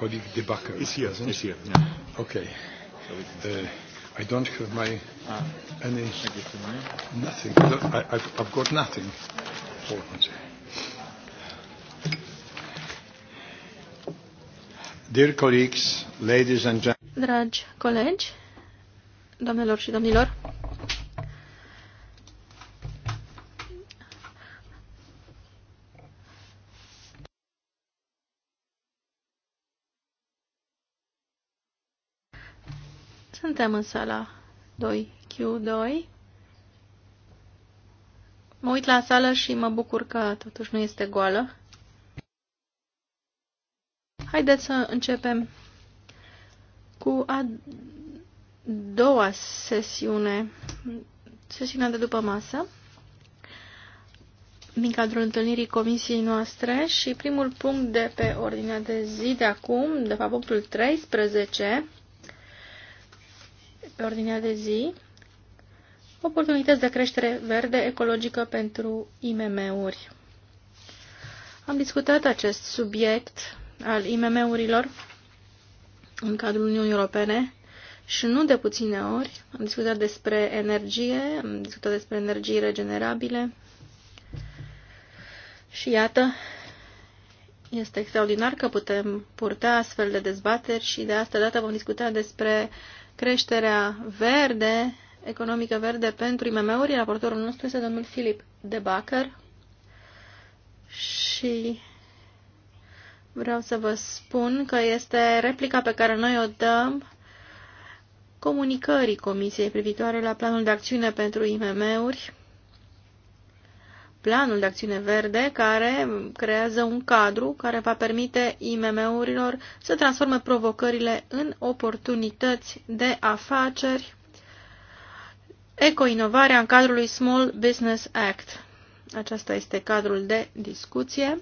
colleague De Backer. Is here, isn't is here. Yeah. Okay. Uh, I don't have my ah, any nothing. I, I've, I've got nothing. Dear colleagues, ladies and gentlemen. Dragi colegi, domnilor și domnilor. Suntem în sala 2Q2. Mă uit la sală și mă bucur că totuși nu este goală. Haideți să începem cu a doua sesiune, sesiunea de după masă, din cadrul întâlnirii comisiei noastre și primul punct de pe ordinea de zi de acum, de fapt punctul 13, pe ordinea de zi oportunități de creștere verde ecologică pentru IMM-uri. Am discutat acest subiect al IMM-urilor în cadrul Uniunii Europene și nu de puține ori. Am discutat despre energie, am discutat despre energii regenerabile și iată, este extraordinar că putem purta astfel de dezbateri și de asta dată vom discuta despre creșterea verde, economică verde pentru IMM-uri. Raportorul nostru este domnul Filip de Bacăr și vreau să vă spun că este replica pe care noi o dăm comunicării Comisiei privitoare la planul de acțiune pentru IMM-uri planul de acțiune verde care creează un cadru care va permite IMM-urilor să transforme provocările în oportunități de afaceri, ecoinovarea în cadrul Small Business Act. Aceasta este cadrul de discuție.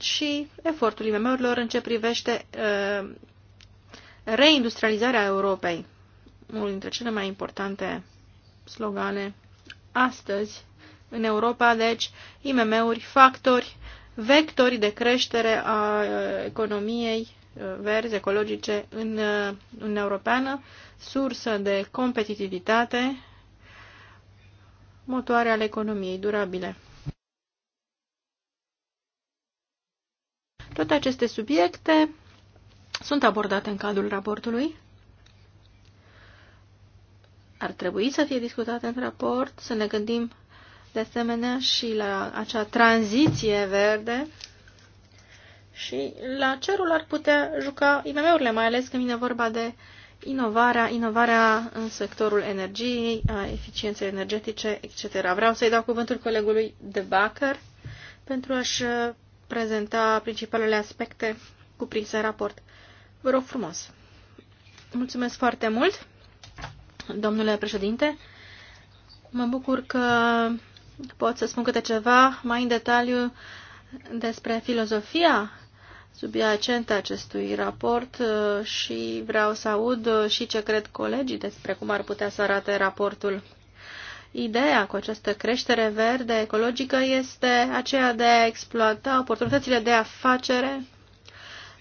și efortul IMM-urilor în ce privește uh, reindustrializarea Europei unul dintre cele mai importante slogane astăzi în Europa, deci IMM-uri, factori, vectori de creștere a economiei verzi, ecologice în Uniunea Europeană, sursă de competitivitate, motoare ale economiei durabile. Toate aceste subiecte sunt abordate în cadrul raportului ar trebui să fie discutate în raport, să ne gândim de asemenea și la acea tranziție verde și la ce rol ar putea juca IMM-urile, mai ales când vine vorba de inovarea, inovarea în sectorul energiei, a eficienței energetice, etc. Vreau să-i dau cuvântul colegului De Bacher pentru a-și uh, prezenta principalele aspecte cuprinse în raport. Vă rog frumos! Mulțumesc foarte mult! domnule președinte. Mă bucur că pot să spun câte ceva mai în detaliu despre filozofia subiacentă acestui raport uh, și vreau să aud uh, și ce cred colegii despre cum ar putea să arate raportul. Ideea cu această creștere verde ecologică este aceea de a exploata oportunitățile de afacere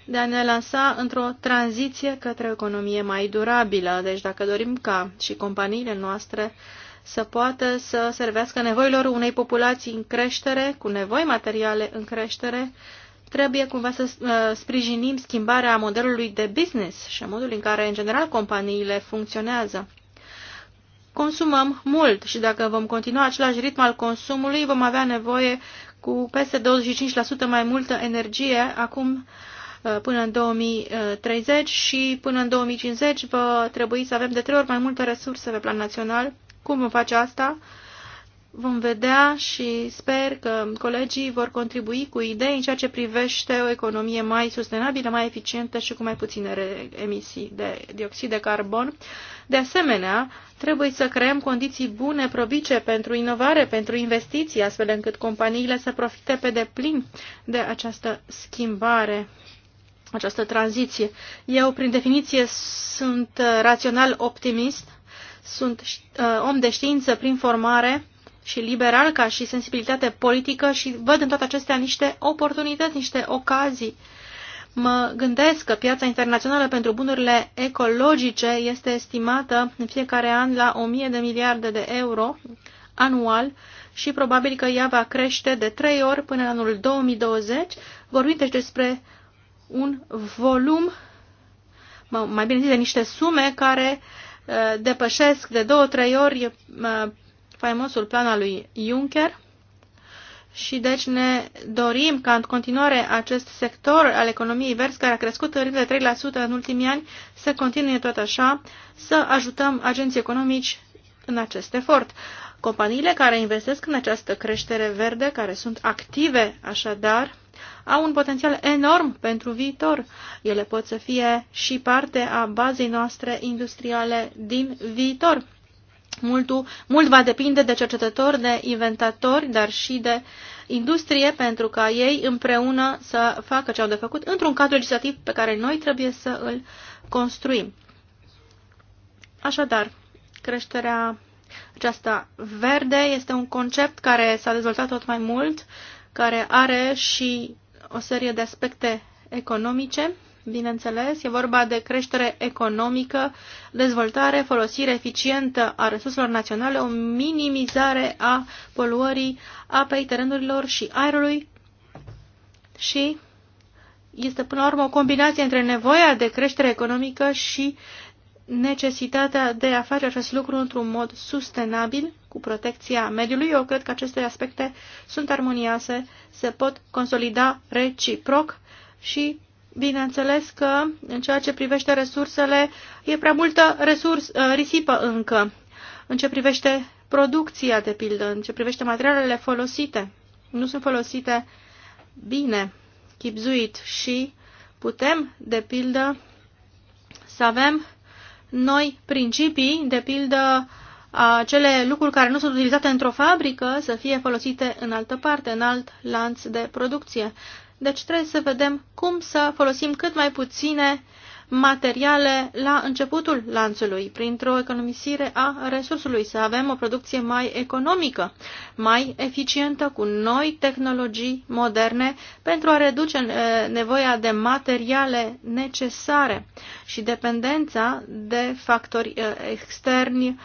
de a ne lansa într-o tranziție către o economie mai durabilă. Deci dacă dorim ca și companiile noastre să poată să servească nevoilor unei populații în creștere, cu nevoi materiale în creștere, trebuie cumva să uh, sprijinim schimbarea modelului de business și a modului în care, în general, companiile funcționează. Consumăm mult și dacă vom continua același ritm al consumului, vom avea nevoie cu peste 25% mai multă energie acum Uh, până în 2030 și până în 2050 va trebui să avem de trei ori mai multe resurse pe plan național. Cum vom face asta? Vom vedea și sper că colegii vor contribui cu idei în ceea ce privește o economie mai sustenabilă, mai eficientă și cu mai puține emisii de dioxid de carbon. De asemenea, trebuie să creăm condiții bune, probice pentru inovare, pentru investiții, astfel încât companiile să profite pe deplin de această schimbare această tranziție. Eu, prin definiție, sunt uh, rațional optimist, sunt uh, om de știință prin formare și liberal ca și sensibilitate politică și văd în toate acestea niște oportunități, niște ocazii. Mă gândesc că piața internațională pentru bunurile ecologice este estimată în fiecare an la 1000 de miliarde de euro anual și probabil că ea va crește de 3 ori până în anul 2020. Vorbim deci despre un volum, mai bine zis, de niște sume care uh, depășesc de două-trei ori uh, faimosul plan al lui Juncker și deci ne dorim ca în continuare acest sector al economiei verzi care a crescut în de 3% în ultimii ani să continue tot așa, să ajutăm agenții economici în acest efort. Companiile care investesc în această creștere verde, care sunt active așadar, au un potențial enorm pentru viitor. Ele pot să fie și parte a bazei noastre industriale din viitor. Multu, mult va depinde de cercetători, de inventatori, dar și de industrie, pentru ca ei împreună să facă ce au de făcut într-un cadru legislativ pe care noi trebuie să îl construim. Așadar, creșterea aceasta verde este un concept care s-a dezvoltat tot mai mult care are și o serie de aspecte economice, bineînțeles. E vorba de creștere economică, dezvoltare, folosire eficientă a resurselor naționale, o minimizare a poluării apei, terenurilor și aerului și este până la urmă o combinație între nevoia de creștere economică și necesitatea de a face acest lucru într-un mod sustenabil cu protecția mediului. Eu cred că aceste aspecte sunt armonioase, se pot consolida reciproc și bineînțeles că în ceea ce privește resursele e prea multă resurs, uh, risipă încă. În ce privește producția, de pildă, în ce privește materialele folosite, nu sunt folosite bine, chipzuit și putem, de pildă, să avem noi principii, de pildă acele lucruri care nu sunt utilizate într-o fabrică să fie folosite în altă parte, în alt lanț de producție. Deci trebuie să vedem cum să folosim cât mai puține uh, materiale la începutul lanțului, printr-o economisire a resursului, să avem o producție mai economică, mai eficientă, cu noi tehnologii moderne, pentru a reduce eh, nevoia de materiale necesare și dependența de factori eh, externi,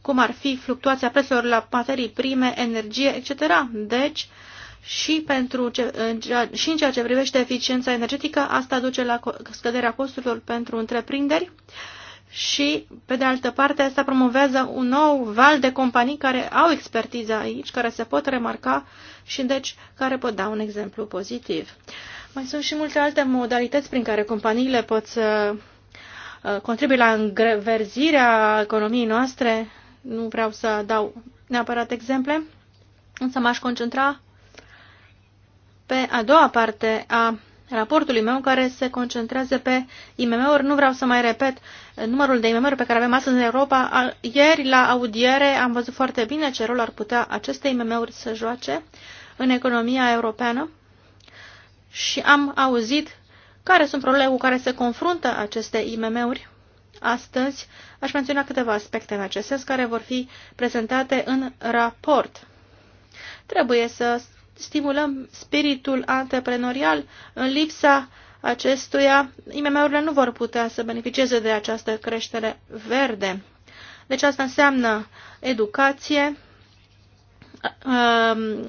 cum ar fi fluctuația prețurilor la materii prime, energie, etc. Deci, și, pentru, și în ceea ce privește eficiența energetică, asta duce la scăderea costurilor pentru întreprinderi și, pe de altă parte, asta promovează un nou val de companii care au expertiză aici, care se pot remarca și, deci, care pot da un exemplu pozitiv. Mai sunt și multe alte modalități prin care companiile pot să uh, contribuie la înverzirea economiei noastre. Nu vreau să dau neapărat exemple, însă m-aș concentra pe a doua parte a raportului meu care se concentrează pe IMM-uri. Nu vreau să mai repet eh, numărul de IMM-uri pe care avem astăzi în Europa. Ieri la audiere am văzut foarte bine ce rol ar putea aceste IMM-uri să joace în economia europeană și am auzit care sunt problemele cu care se confruntă aceste IMM-uri. Astăzi aș menționa câteva aspecte în acest sens care vor fi prezentate în raport. Trebuie să stimulăm spiritul antreprenorial, în lipsa acestuia, IMM-urile nu vor putea să beneficieze de această creștere verde. Deci asta înseamnă educație, um,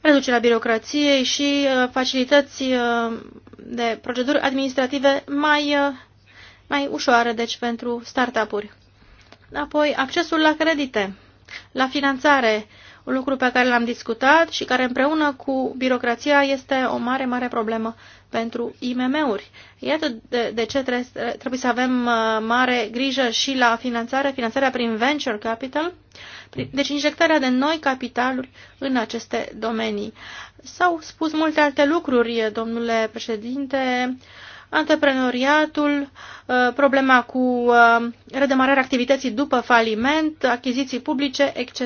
reducerea birocrației și uh, facilități uh, de proceduri administrative mai, uh, mai ușoare, deci pentru startup-uri. Apoi, accesul la credite, la finanțare, un lucru pe care l-am discutat și care împreună cu birocrația este o mare, mare problemă pentru IMM-uri. Iată de, de ce trebuie, trebuie să avem uh, mare grijă și la finanțare, finanțarea prin venture capital, deci injectarea de noi capitaluri în aceste domenii. S-au spus multe alte lucruri, domnule președinte, antreprenoriatul, uh, problema cu uh, redemararea activității după faliment, achiziții publice, etc.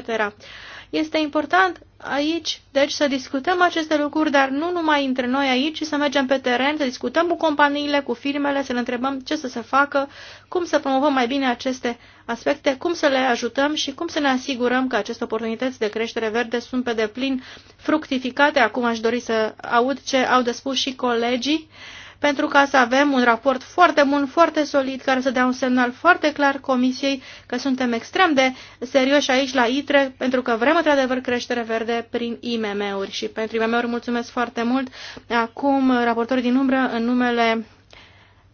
Este important aici, deci, să discutăm aceste lucruri, dar nu numai între noi aici, ci să mergem pe teren, să discutăm cu companiile, cu firmele, să le întrebăm ce să se facă, cum să promovăm mai bine aceste aspecte, cum să le ajutăm și cum să ne asigurăm că aceste oportunități de creștere verde sunt pe deplin fructificate. Acum aș dori să aud ce au de spus și colegii. Uh, pentru ca să avem un raport foarte bun, foarte solid, care să dea un semnal foarte clar Comisiei că suntem extrem de serioși aici la ITRE, pentru că vrem într-adevăr creștere verde prin IMM-uri. Și pentru IMM-uri mulțumesc foarte mult. Acum, raportorii din umbră, în numele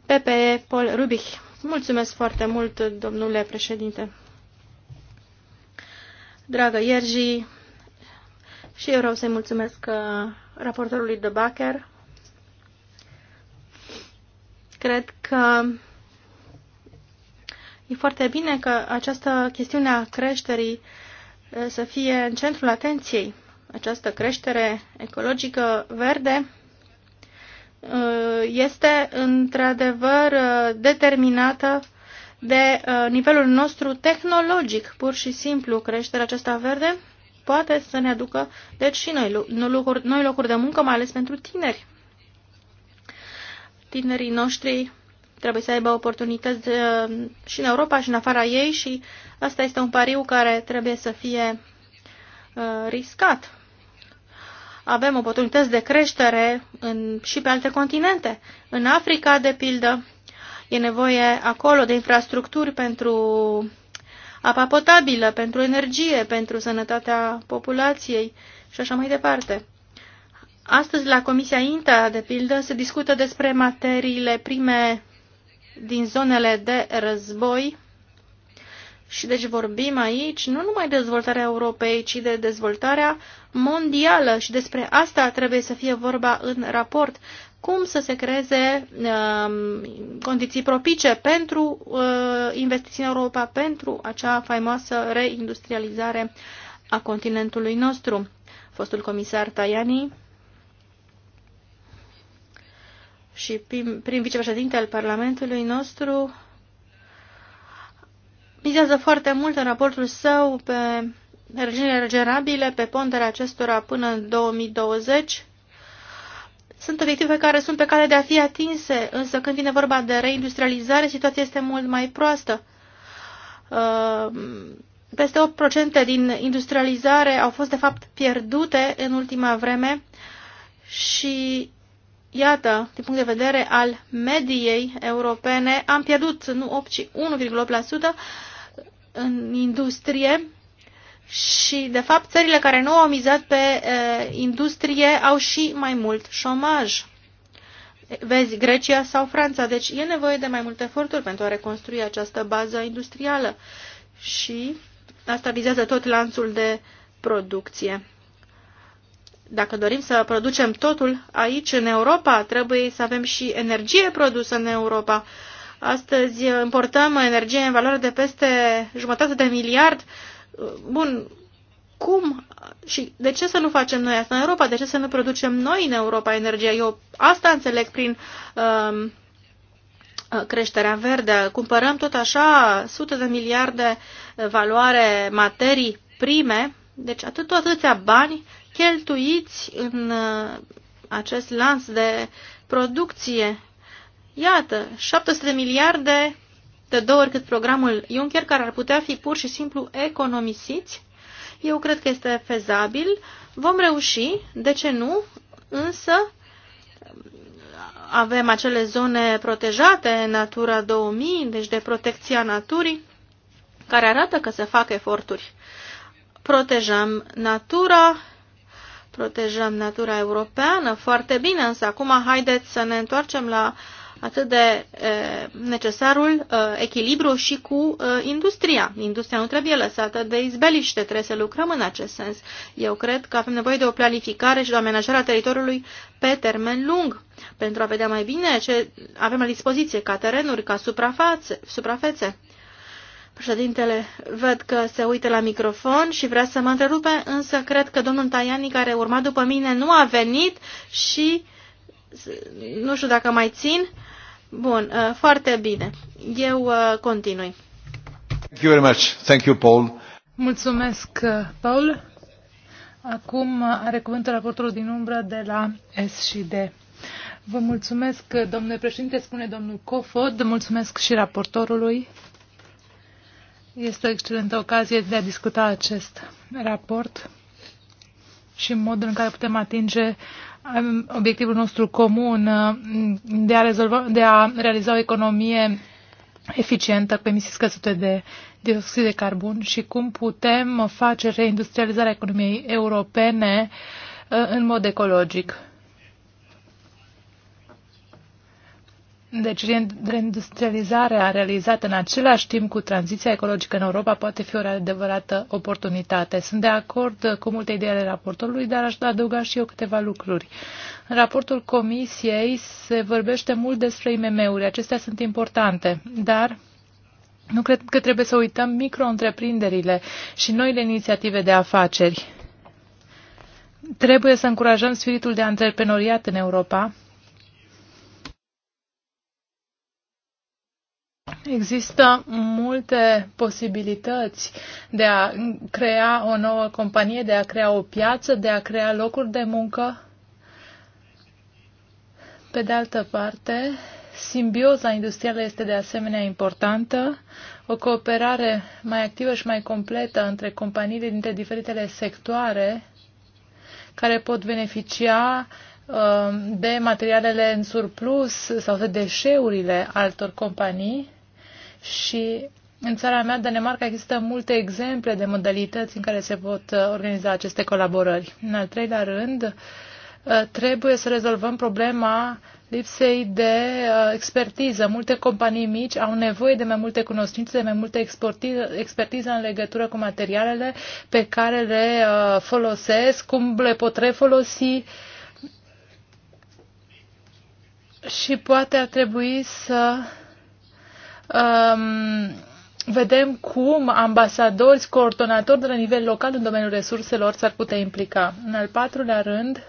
PPE, Paul Rubich. Mulțumesc foarte mult, domnule președinte. Dragă Iergi, și eu vreau să-i mulțumesc uh, raportorului de Bacher Cred că e foarte bine că această chestiune a creșterii să fie în centrul atenției. Această creștere ecologică verde este într-adevăr determinată de nivelul nostru tehnologic. Pur și simplu, creșterea aceasta verde poate să ne aducă, deci, și noi, noi locuri de muncă, mai ales pentru tineri tinerii noștri trebuie să aibă oportunități uh, și în Europa și în afara ei și asta este un pariu care trebuie să fie uh, riscat. Avem oportunități de creștere în, și pe alte continente. În Africa, de pildă, e nevoie acolo de infrastructuri pentru apa potabilă, pentru energie, pentru sănătatea populației și așa mai departe. Astăzi, la Comisia INTA, de pildă, se discută despre materiile prime din zonele de război și deci vorbim aici nu numai de dezvoltarea Europei, ci de dezvoltarea mondială și despre asta trebuie să fie vorba în raport. Cum să se creeze uh, condiții propice pentru uh, investiții în Europa, pentru acea faimoasă reindustrializare a continentului nostru. Fostul comisar Tajani și prim, prim vicepreședinte al Parlamentului nostru mizează foarte mult în raportul său pe regiunile regenerabile, pe ponderea acestora până în 2020. Sunt obiective care sunt pe cale de a fi atinse, însă când vine vorba de reindustrializare, situația este mult mai proastă. Uh, peste 8% din industrializare au fost, de fapt, pierdute în ultima vreme și Iată, din punct de vedere al mediei europene, am pierdut nu 8, ci 1,8% în industrie și, de fapt, țările care nu au mizat pe uh, industrie au și mai mult șomaj. Vezi, Grecia sau Franța. Deci e nevoie de mai multe eforturi pentru a reconstrui această bază industrială. Și asta vizează tot lanțul de producție dacă dorim să producem totul aici în Europa, trebuie să avem și energie produsă în Europa. Astăzi importăm energie în valoare de peste jumătate de miliard. Bun, cum și de ce să nu facem noi asta în Europa? De ce să nu producem noi în Europa energie? Eu asta înțeleg prin um, creșterea verde. Cumpărăm tot așa sute de miliarde valoare materii prime, deci atât, atâția bani cheltuiți în uh, acest lans de producție. Iată, 700 de miliarde de două ori cât programul Juncker, care ar putea fi pur și simplu economisiți. Eu cred că este fezabil. Vom reuși, de ce nu, însă avem acele zone protejate, Natura 2000, deci de protecția naturii, care arată că se fac eforturi. Protejăm natura, protejăm natura europeană, foarte bine, însă acum haideți să ne întoarcem la atât de e, necesarul e, echilibru și cu e, industria. Industria nu trebuie lăsată de izbeliște, trebuie să lucrăm în acest sens. Eu cred că avem nevoie de o planificare și de o amenajare a teritoriului pe termen lung, pentru a vedea mai bine ce avem la dispoziție ca terenuri, ca suprafețe. Președintele văd că se uită la microfon și vrea să mă întrerupe, însă cred că domnul Taiani, care urma după mine, nu a venit și nu știu dacă mai țin. Bun, uh, foarte bine. Eu uh, continui. Thank you very much. Thank you, Paul. Mulțumesc, uh, Paul. Acum are cuvântul raportorul din umbră de la D. Vă mulțumesc, domnule președinte, spune domnul Cofod, mulțumesc și raportorului este o excelentă ocazie de a discuta acest raport și modul în care putem atinge um, obiectivul nostru comun um, de a, rezolva, de a realiza o economie eficientă cu emisii scăzute de dioxid de carbon și cum putem face reindustrializarea economiei europene uh, în mod ecologic. Deci reindustrializarea realizată în același timp cu tranziția ecologică în Europa poate fi o adevărată oportunitate. Sunt de acord cu multe idei ale raportului, dar aș adăuga și eu câteva lucruri. În raportul Comisiei se vorbește mult despre IMM-uri. Acestea sunt importante, dar nu cred că trebuie să uităm micro-întreprinderile și noile inițiative de afaceri. Trebuie să încurajăm spiritul de antreprenoriat în Europa Există multe posibilități de a crea o nouă companie, de a crea o piață, de a crea locuri de muncă. Pe de altă parte, simbioza industrială este de asemenea importantă. O cooperare mai activă și mai completă între companiile dintre diferitele sectoare care pot beneficia uh, de materialele în surplus sau de deșeurile altor companii și în țara mea, Danemarca, există multe exemple de modalități în care se pot uh, organiza aceste colaborări. În al treilea rând, uh, trebuie să rezolvăm problema lipsei de uh, expertiză. Multe companii mici au nevoie de mai multe cunoștințe, de mai multe expertiză în legătură cu materialele pe care le folosesc, cum le pot refolosi și poate ar trebui să um, vedem cum ambasadori, coordonatori de la nivel local în domeniul resurselor s-ar putea implica. În al patrulea rând,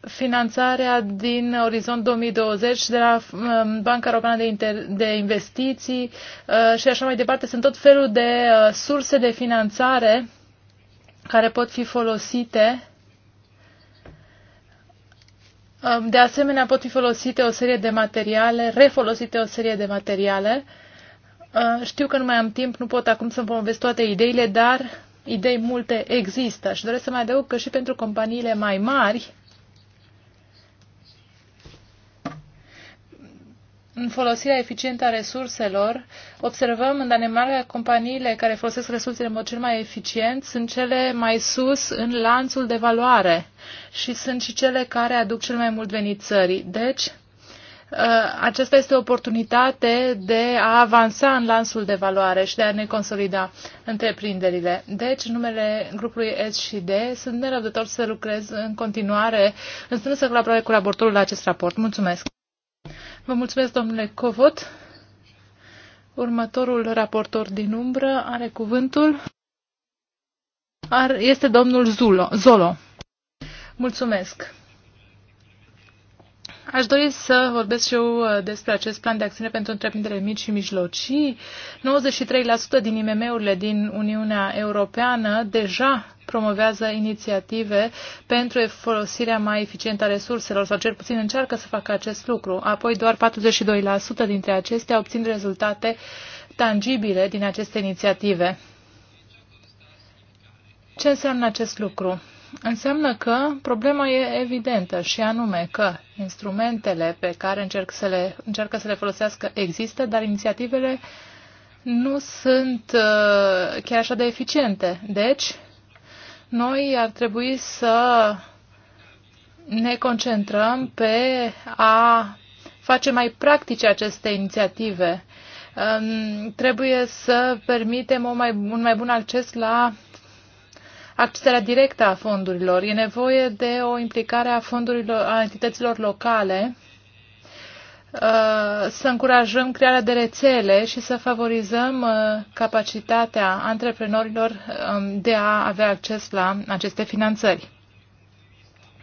finanțarea din Orizont 2020 de la um, Banca Europeană de, Inter- de Investiții uh, și așa mai departe. Sunt tot felul de uh, surse de finanțare care pot fi folosite Um, de asemenea, pot fi folosite o serie de materiale, refolosite o serie de materiale. Uh, știu că nu mai am timp, nu pot acum să-mi povestesc toate ideile, dar idei multe există. Și doresc să mai adaug că și pentru companiile mai mari, în folosirea eficientă a resurselor, observăm în Danemarca companiile care folosesc resursele în mod cel mai eficient sunt cele mai sus în lanțul de valoare și sunt și cele care aduc cel mai mult venit țării. Deci, uh, aceasta este o oportunitate de a avansa în lansul de valoare și de a ne consolida întreprinderile. Deci, numele grupului S și D sunt nerăbdător să lucrez în continuare în strânsă colaborare cu raportorul la acest raport. Mulțumesc! Vă mulțumesc, domnule Covot. Următorul raportor din umbră are cuvântul. Ar, este domnul Zulo, Zolo. Mulțumesc. Aș dori să vorbesc și eu uh, despre acest plan de acțiune pentru întreprindere mici și mijlocii. 93% din IMM-urile din Uniunea Europeană deja promovează inițiative pentru folosirea mai eficientă a resurselor sau cel puțin încearcă să facă acest lucru. Apoi doar 42% dintre acestea obțin rezultate tangibile din aceste inițiative. Ce înseamnă acest lucru? înseamnă că problema e evidentă și anume că instrumentele pe care încerc să le, încercă să le folosească există, dar inițiativele nu sunt uh, chiar așa de eficiente. Deci, noi ar trebui să ne concentrăm pe a face mai practice aceste inițiative. Um, trebuie să permitem o mai, un mai bun acces la accesarea directă a fondurilor. E nevoie de o implicare a fondurilor, a entităților locale, uh, să încurajăm crearea de rețele și să favorizăm uh, capacitatea antreprenorilor um, de a avea acces la aceste finanțări.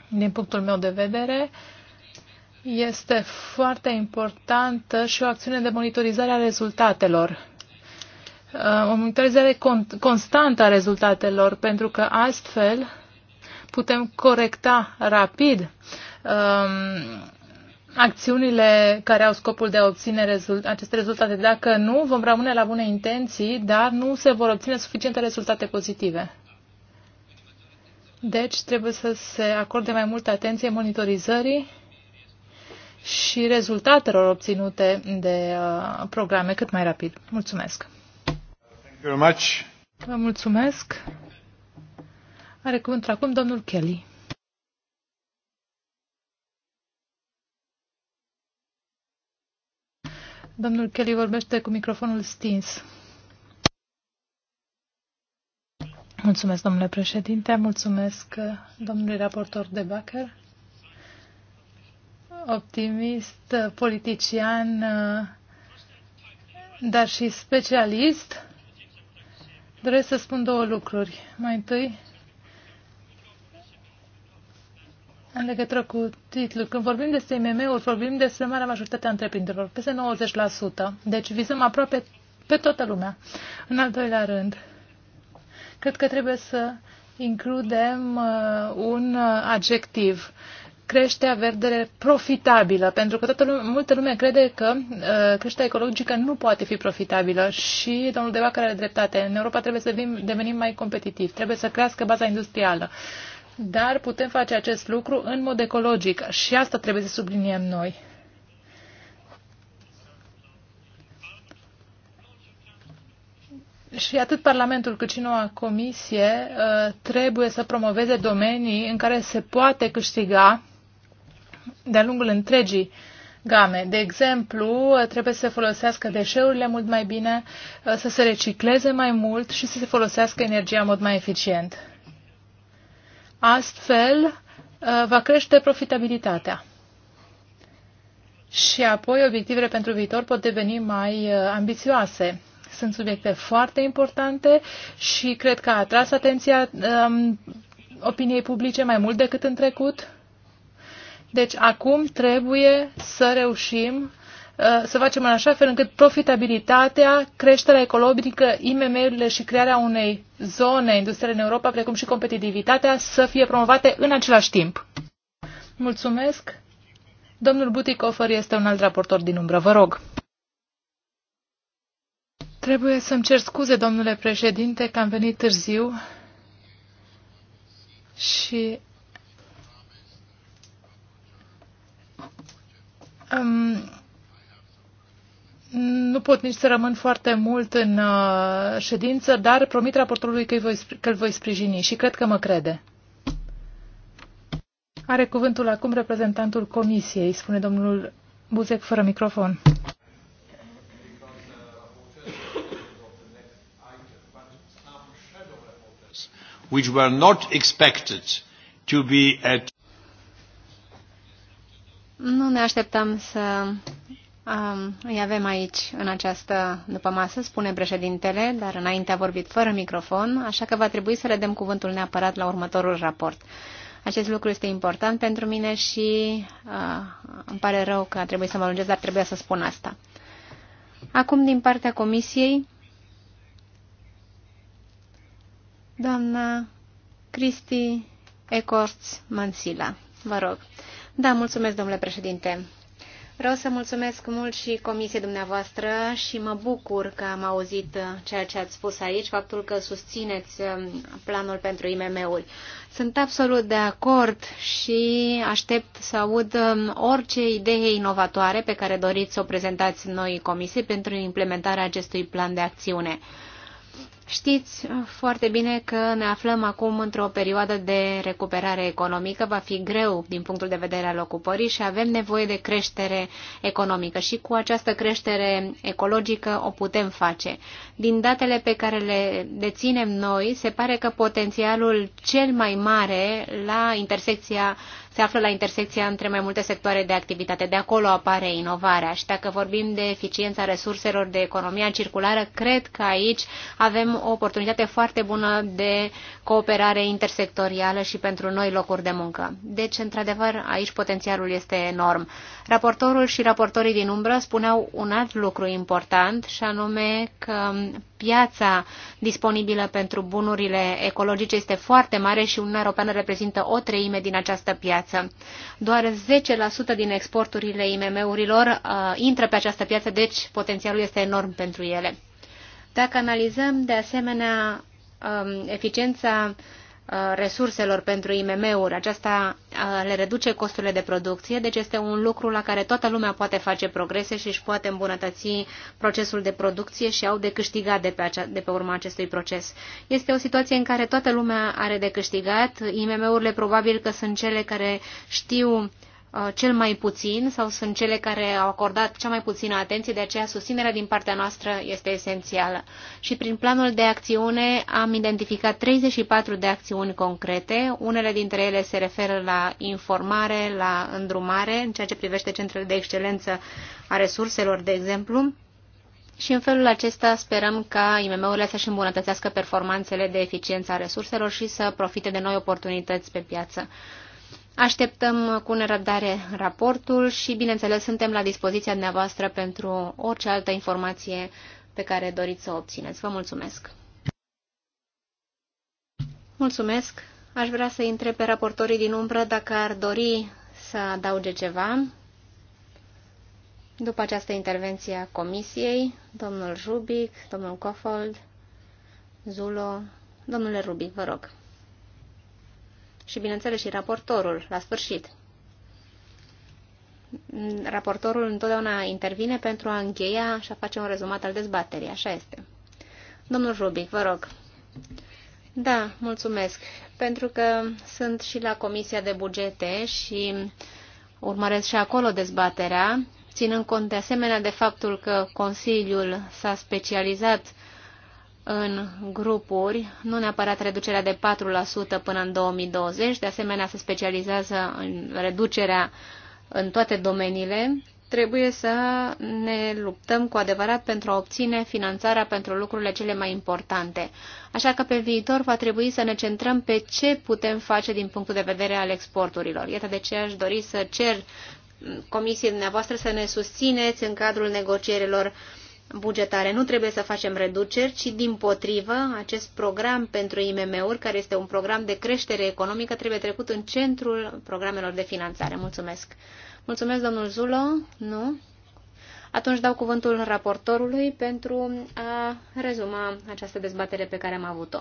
Din punctul meu de vedere, este foarte importantă și o acțiune de monitorizare a rezultatelor Uh, o monitorizare constantă a rezultatelor, pentru că astfel putem corecta rapid um, acțiunile care au scopul de a obține rezult aceste rezultate. Dacă nu, vom rămâne la bune intenții, dar nu se vor obține suficiente rezultate pozitive. Deci trebuie să se acorde mai multă atenție monitorizării și rezultatelor obținute de uh, programe cât mai rapid. Mulțumesc! very much. Vă mulțumesc. Are cuvântul acum domnul Kelly. Domnul Kelly vorbește cu microfonul stins. Mulțumesc, domnule președinte, mulțumesc domnului raportor de Bacher. Optimist, politician, dar și specialist. Doresc să spun două lucruri. Mai întâi, în legătură cu titlul, când vorbim despre IMM-uri, vorbim despre marea majoritate a întreprinderilor, peste 90%. Deci vizăm aproape pe toată lumea. În al doilea rând, cred că trebuie să includem uh, un uh, adjectiv creșterea verdere profitabilă, pentru că toată lume, multă lume crede că uh, creșterea ecologică nu poate fi profitabilă și domnul Deva care are dreptate. În Europa trebuie să vin, devenim mai competitivi, trebuie să crească baza industrială. Dar putem face acest lucru în mod ecologic și asta trebuie să subliniem noi. Și atât Parlamentul cât și noua comisie uh, trebuie să promoveze domenii în care se poate câștiga de-a lungul întregii game. De exemplu, trebuie să se folosească deșeurile mult mai bine, să se recicleze mai mult și să se folosească energia în mod mai eficient. Astfel, uh, va crește profitabilitatea. Și apoi, obiectivele pentru viitor pot deveni mai uh, ambițioase. Sunt subiecte foarte importante și cred că a atras atenția um, opiniei publice mai mult decât în trecut deci acum trebuie să reușim uh, să facem în așa fel încât profitabilitatea, creșterea ecologică, IMM-urile și crearea unei zone industriale în Europa, precum și competitivitatea, să fie promovate în același timp. Mulțumesc. Domnul Buticofer este un alt raportor din umbră. Vă rog. Trebuie să-mi cer scuze, domnule președinte, că am venit târziu și Um, nu pot nici să rămân foarte mult în uh, ședință, dar promit raportorului că îl voi, voi sprijini și cred că mă crede. Are cuvântul acum reprezentantul comisiei, spune domnul Buzec fără microfon. Which were not expected to be at nu ne așteptam să um, îi avem aici în această după masă, spune președintele, dar înainte a vorbit fără microfon, așa că va trebui să le dăm cuvântul neapărat la următorul raport. Acest lucru este important pentru mine și uh, îmi pare rău că a trebuit să mă lungesc, dar trebuia să spun asta. Acum, din partea comisiei, doamna Cristi Ecorț Mansila. Vă rog. Da, mulțumesc, domnule președinte. Vreau să mulțumesc mult și comisiei dumneavoastră și mă bucur că am auzit ceea ce ați spus aici, faptul că susțineți um, planul pentru IMM-uri. Sunt absolut de acord și aștept să aud um, orice idee inovatoare pe care doriți să o prezentați noi comisii pentru implementarea acestui plan de acțiune. Știți uh, foarte bine că ne aflăm acum într-o perioadă de recuperare economică, va fi greu din punctul de vedere al ocupării și avem nevoie de creștere economică și cu această creștere ecologică o putem face. Din datele pe care le deținem noi, se pare că potențialul cel mai mare la intersecția uh, se află la intersecția între mai multe sectoare de activitate. De acolo apare inovarea și dacă vorbim de eficiența resurselor, de economia circulară, cred că aici avem o oportunitate foarte bună de cooperare intersectorială și pentru noi locuri de muncă. Deci, într-adevăr, aici potențialul este enorm. Raportorul și raportorii din umbră spuneau un alt lucru important, și anume că piața disponibilă pentru bunurile ecologice este foarte mare și Uniunea Europeană reprezintă o treime din această piață. Doar 10% din exporturile IMM-urilor uh, intră pe această piață, deci potențialul este enorm pentru ele. Dacă analizăm de asemenea um, eficiența uh, Uh, resurselor pentru IMM-uri. Aceasta uh, le reduce costurile de producție, deci este un lucru la care toată lumea poate face progrese și își poate îmbunătăți procesul de producție și au de câștigat de pe, acea, de pe urma acestui proces. Este o situație în care toată lumea are de câștigat. IMM-urile probabil că sunt cele care știu Uh, cel mai puțin sau sunt cele care au acordat cea mai puțină atenție, de aceea susținerea din partea noastră este esențială. Și prin planul de acțiune am identificat 34 de acțiuni concrete, unele dintre ele se referă la informare, la îndrumare, în ceea ce privește centrele de excelență a resurselor, de exemplu, și în felul acesta sperăm ca IMM-urile să-și îmbunătățească performanțele de eficiență a resurselor și să profite de noi oportunități pe piață. Așteptăm cu nerăbdare raportul și, bineînțeles, suntem la dispoziția dumneavoastră pentru orice altă informație pe care doriți să o obțineți. Vă mulțumesc! Mulțumesc! Aș vrea să întreb pe raportorii din umbră dacă ar dori să adauge ceva. După această intervenție a comisiei, domnul Rubic, domnul Cofold, Zulo, domnule Rubic, vă rog și, bineînțeles, și raportorul la sfârșit. Raportorul întotdeauna intervine pentru a încheia și a face un rezumat al dezbaterii. Așa este. Domnul Rubic, vă rog. Da, mulțumesc. Pentru că sunt și la Comisia de Bugete și urmăresc și acolo dezbaterea, ținând cont de asemenea de faptul că Consiliul s-a specializat în grupuri, nu neapărat reducerea de 4% până în 2020, de asemenea se specializează în reducerea în toate domeniile, trebuie să ne luptăm cu adevărat pentru a obține finanțarea pentru lucrurile cele mai importante. Așa că pe viitor va trebui să ne centrăm pe ce putem face din punctul de vedere al exporturilor. Iată de ce aș dori să cer comisiei dumneavoastră să ne susțineți în cadrul negocierilor uh, bugetare. Nu trebuie să facem reduceri, ci din potrivă, acest program pentru IMM-uri, care este un program de creștere economică, trebuie trecut în centrul programelor de finanțare. Mulțumesc. Mulțumesc, domnul Zulo. Nu? Atunci dau cuvântul raportorului pentru a rezuma această dezbatere pe care am avut-o.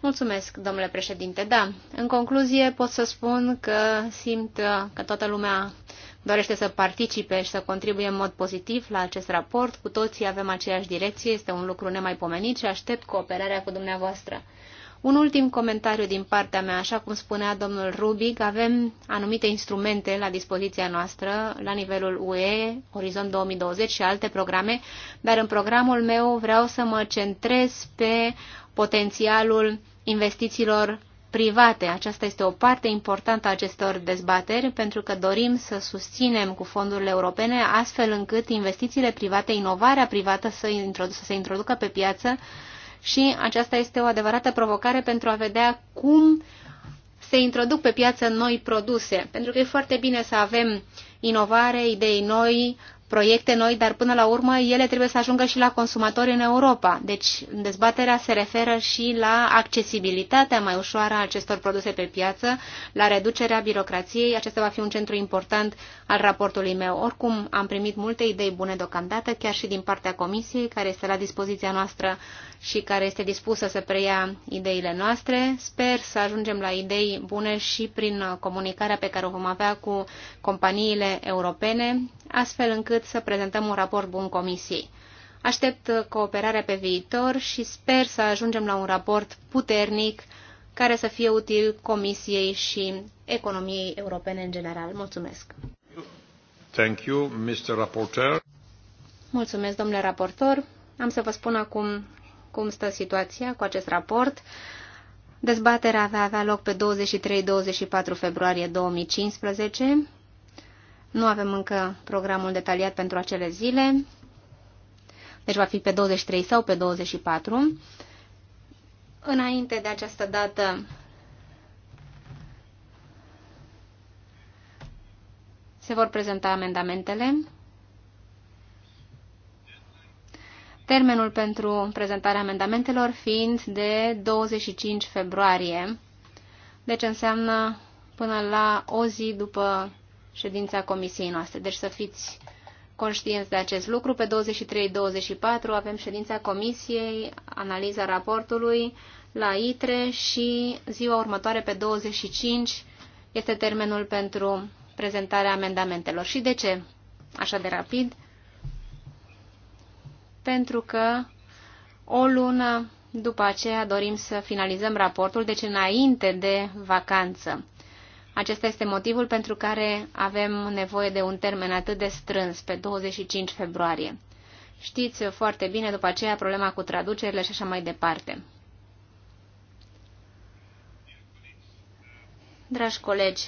Mulțumesc, domnule președinte. Da, în concluzie pot să spun că simt că toată lumea dorește să participe și să contribuie în mod pozitiv la acest raport. Cu toții avem aceeași direcție, este un lucru nemaipomenit și aștept cooperarea cu dumneavoastră. Un ultim comentariu din partea mea, așa cum spunea domnul Rubic, avem anumite instrumente la dispoziția noastră la nivelul UE, Orizont 2020 și alte programe, dar în programul meu vreau să mă centrez pe potențialul investițiilor private. Aceasta este o parte importantă a acestor dezbateri pentru că dorim să susținem cu fondurile europene astfel încât investițiile private, inovarea privată să, introdu- să se introducă pe piață și aceasta este o adevărată provocare pentru a vedea cum se introduc pe piață noi produse. Pentru că e foarte bine să avem inovare, idei noi, proiecte noi, dar până la urmă ele trebuie să ajungă și la consumatori în Europa. Deci dezbaterea se referă și la accesibilitatea mai ușoară a acestor produse pe piață, la reducerea birocrației. Acesta va fi un centru important al raportului meu. Oricum, am primit multe idei bune deocamdată, chiar și din partea Comisiei, care este la dispoziția noastră și care este dispusă să preia ideile noastre. Sper să ajungem la idei bune și prin comunicarea pe care o vom avea cu companiile europene astfel încât să prezentăm un raport bun comisiei. Aștept cooperarea pe viitor și sper să ajungem la un raport puternic care să fie util comisiei și economiei europene în general. Mulțumesc! Thank you, Mr. Rapporteur. Mulțumesc, domnule raportor. Am să vă spun acum cum stă situația cu acest raport. Dezbaterea va avea loc pe 23-24 februarie 2015. Nu avem încă programul detaliat pentru acele zile, deci va fi pe 23 sau pe 24. Înainte de această dată se vor prezenta amendamentele. Termenul pentru prezentarea amendamentelor fiind de 25 februarie, deci înseamnă până la o zi după ședința comisiei noastre. Deci să fiți conștienți de acest lucru. Pe 23-24 avem ședința comisiei, analiza raportului la ITRE și ziua următoare, pe 25, este termenul pentru prezentarea amendamentelor. Și de ce așa de rapid? Pentru că o lună după aceea dorim să finalizăm raportul, deci înainte de vacanță. Acesta este motivul pentru care avem nevoie de un termen atât de strâns, pe 25 februarie. Știți foarte bine după aceea problema cu traducerile și așa mai departe. Dragi colegi,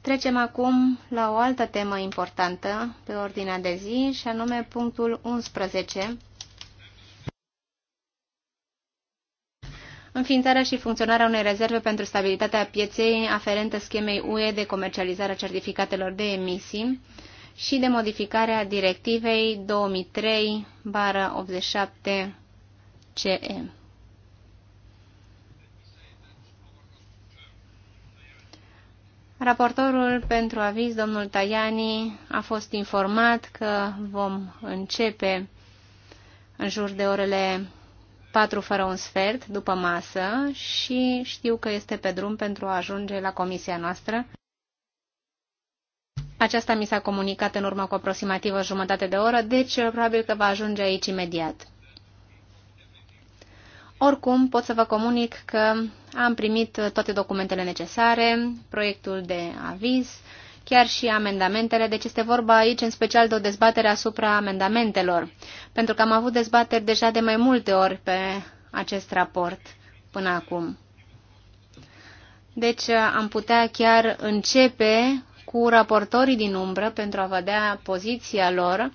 trecem acum la o altă temă importantă pe ordinea de zi și anume punctul 11 înființarea și funcționarea unei rezerve pentru stabilitatea pieței aferentă schemei UE de comercializare a certificatelor de emisii și de modificarea directivei 2003-87-CE. Raportorul pentru aviz, domnul Tajani, a fost informat că vom începe în jur de orele Patru fără un sfert, după masă, și știu că este pe drum pentru a ajunge la comisia noastră. Aceasta mi s-a comunicat în urmă cu aproximativ o jumătate de oră, deci uh, probabil că va ajunge aici imediat. Oricum, pot să vă comunic că am primit uh, toate documentele necesare, proiectul de aviz, chiar și amendamentele, deci este vorba aici în special de o dezbatere asupra amendamentelor, pentru că am avut dezbateri deja de mai multe ori pe acest raport până acum. Deci am putea chiar începe cu raportorii din umbră pentru a vedea poziția lor,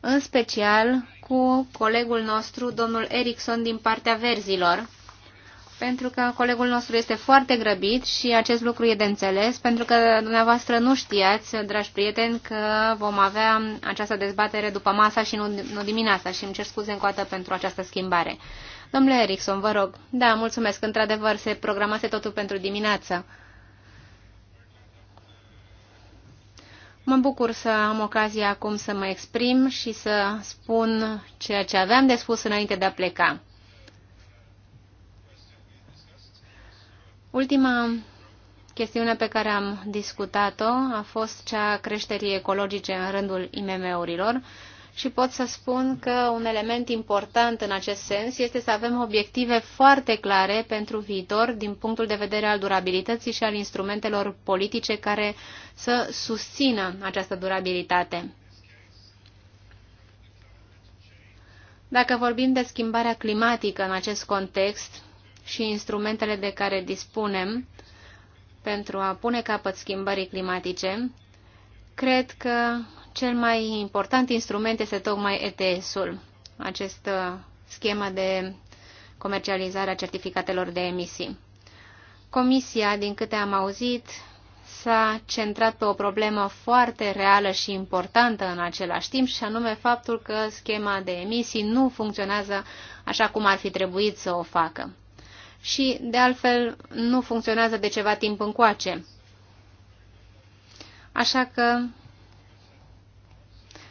în special cu colegul nostru, domnul Erickson, din partea verzilor, pentru că colegul nostru este foarte grăbit și acest lucru e de înțeles, pentru că dumneavoastră nu știați, dragi prieteni, că vom avea această dezbatere după masa și nu, nu dimineața și îmi cer scuze încă o dată pentru această schimbare. Domnule Erickson, vă rog. Da, mulțumesc. Într-adevăr, se programase totul pentru dimineață. Mă bucur să am ocazia acum să mă exprim și să spun ceea ce aveam de spus înainte de a pleca. Ultima chestiune pe care am discutat-o a fost cea creșterii ecologice în rândul IMM-urilor și pot să spun că un element important în acest sens este să avem obiective foarte clare pentru viitor din punctul de vedere al durabilității și al instrumentelor politice care să susțină această durabilitate. Dacă vorbim de schimbarea climatică în acest context, și instrumentele de care dispunem pentru a pune capăt schimbării climatice, cred că cel mai important instrument este tocmai ETS-ul, această schemă de comercializare a certificatelor de emisii. Comisia, din câte am auzit, s-a centrat pe o problemă foarte reală și importantă în același timp, și anume faptul că schema de emisii nu funcționează așa cum ar fi trebuit să o facă și, de altfel, nu funcționează de ceva timp încoace. Așa că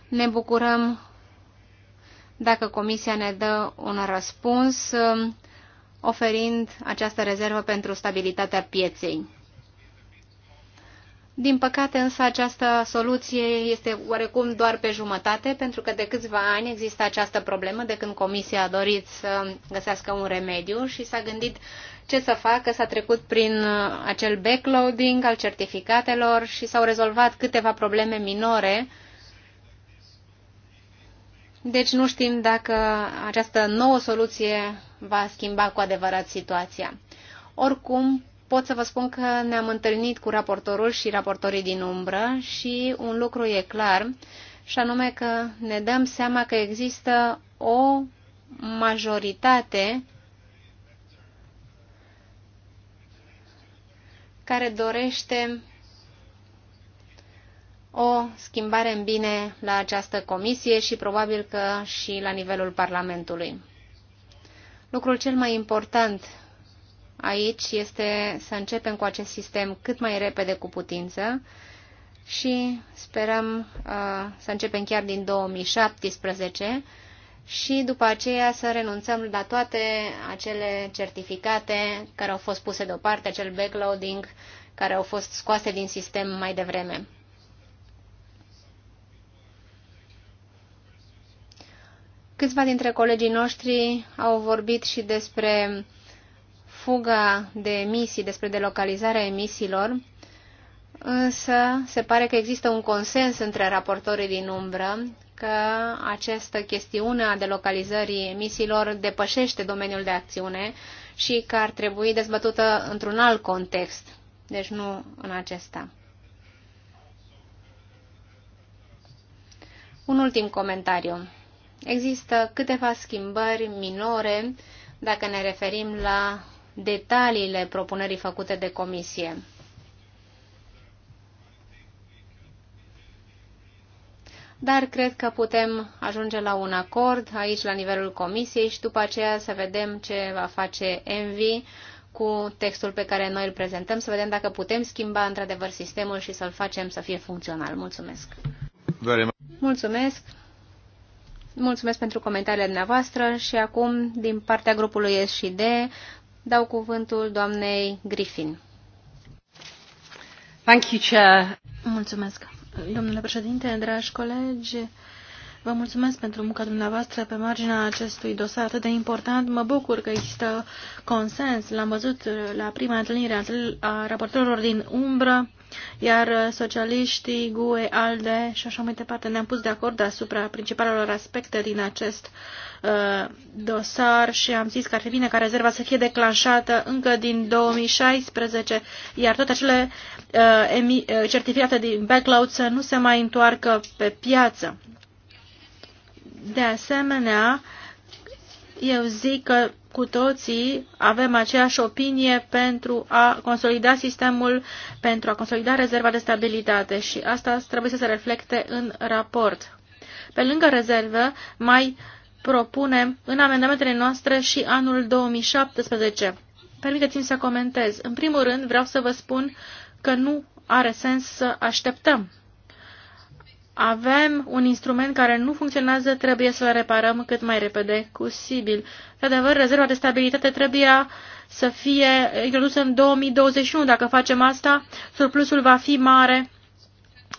ne bucurăm dacă Comisia ne dă un răspuns um, oferind această rezervă pentru stabilitatea pieței. Din păcate însă această soluție este oarecum doar pe jumătate, pentru că de câțiva ani există această problemă de când Comisia a dorit să găsească un remediu și s-a gândit ce să facă, s-a trecut prin uh, acel backloading al certificatelor și s-au rezolvat câteva probleme minore. Deci nu știm dacă această nouă soluție va schimba cu adevărat situația. Oricum, pot să vă spun că ne-am întâlnit cu raportorul și raportorii din umbră și un lucru e clar, și anume că ne dăm seama că există o majoritate care dorește o schimbare în bine la această comisie și probabil că și la nivelul Parlamentului. Lucrul cel mai important aici este să începem cu acest sistem cât mai repede cu putință și sperăm uh, să începem chiar din 2017 și după aceea să renunțăm la toate acele certificate care au fost puse deoparte, acel backloading care au fost scoase din sistem mai devreme. Câțiva dintre colegii noștri au vorbit și despre fuga de emisii, despre delocalizarea emisiilor, însă se pare că există un consens între raportorii din umbră că această chestiune a delocalizării emisiilor depășește domeniul de acțiune și că ar trebui dezbătută într-un alt context, deci nu în acesta. Un ultim comentariu. Există câteva schimbări minore dacă ne referim la detaliile propunerii făcute de comisie. Dar cred că putem ajunge la un acord aici la nivelul comisiei și după aceea să vedem ce va face Envi cu textul pe care noi îl prezentăm, să vedem dacă putem schimba într-adevăr sistemul și să-l facem să fie funcțional. Mulțumesc! Mulțumesc! Mulțumesc pentru comentariile dumneavoastră și acum, din partea grupului S&D, Dau cuvântul doamnei Griffin. Thank you, Chair. Mulțumesc. Domnule președinte, dragi colegi, Vă mulțumesc pentru munca dumneavoastră pe marginea acestui dosar atât de important. Mă bucur că există consens. L-am văzut la prima întâlnire a raportorilor din umbră, iar socialiștii, GUE, ALDE și așa mai departe ne-am pus de acord asupra principalelor aspecte din acest uh, dosar și am zis că ar fi bine ca rezerva să fie declanșată încă din 2016, iar toate acele uh, uh certificate din backload să nu se mai întoarcă pe piață de asemenea, eu zic că cu toții avem aceeași opinie pentru a consolida sistemul, pentru a consolida rezerva de stabilitate și asta trebuie să se reflecte în raport. Pe lângă rezervă, mai propunem în amendamentele noastre și anul 2017. Permiteți-mi să comentez. În primul rând, vreau să vă spun că nu are sens să așteptăm avem un instrument care nu funcționează, trebuie să-l reparăm cât mai repede posibil. De adevăr, rezerva de stabilitate trebuie să fie introdusă în 2021. Dacă facem asta, surplusul va fi mare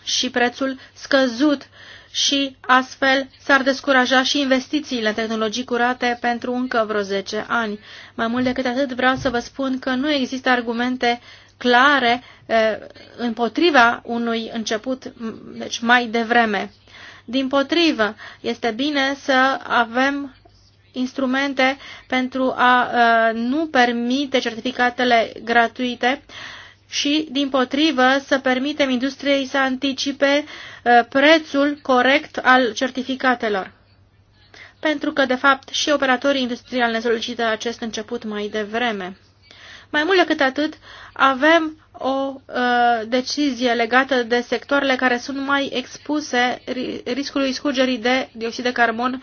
și prețul scăzut și astfel s-ar descuraja și investițiile în tehnologii curate pentru încă vreo 10 ani. Mai mult decât atât vreau să vă spun că nu există argumente clare împotriva unui început deci mai devreme. Din potrivă, este bine să avem instrumente pentru a nu permite certificatele gratuite și, din potrivă, să permitem industriei să anticipe prețul corect al certificatelor. Pentru că, de fapt, și operatorii industriali ne solicită acest început mai devreme. Mai mult decât atât, avem o uh, decizie legată de sectoarele care sunt mai expuse riscului scurgerii de dioxid de carbon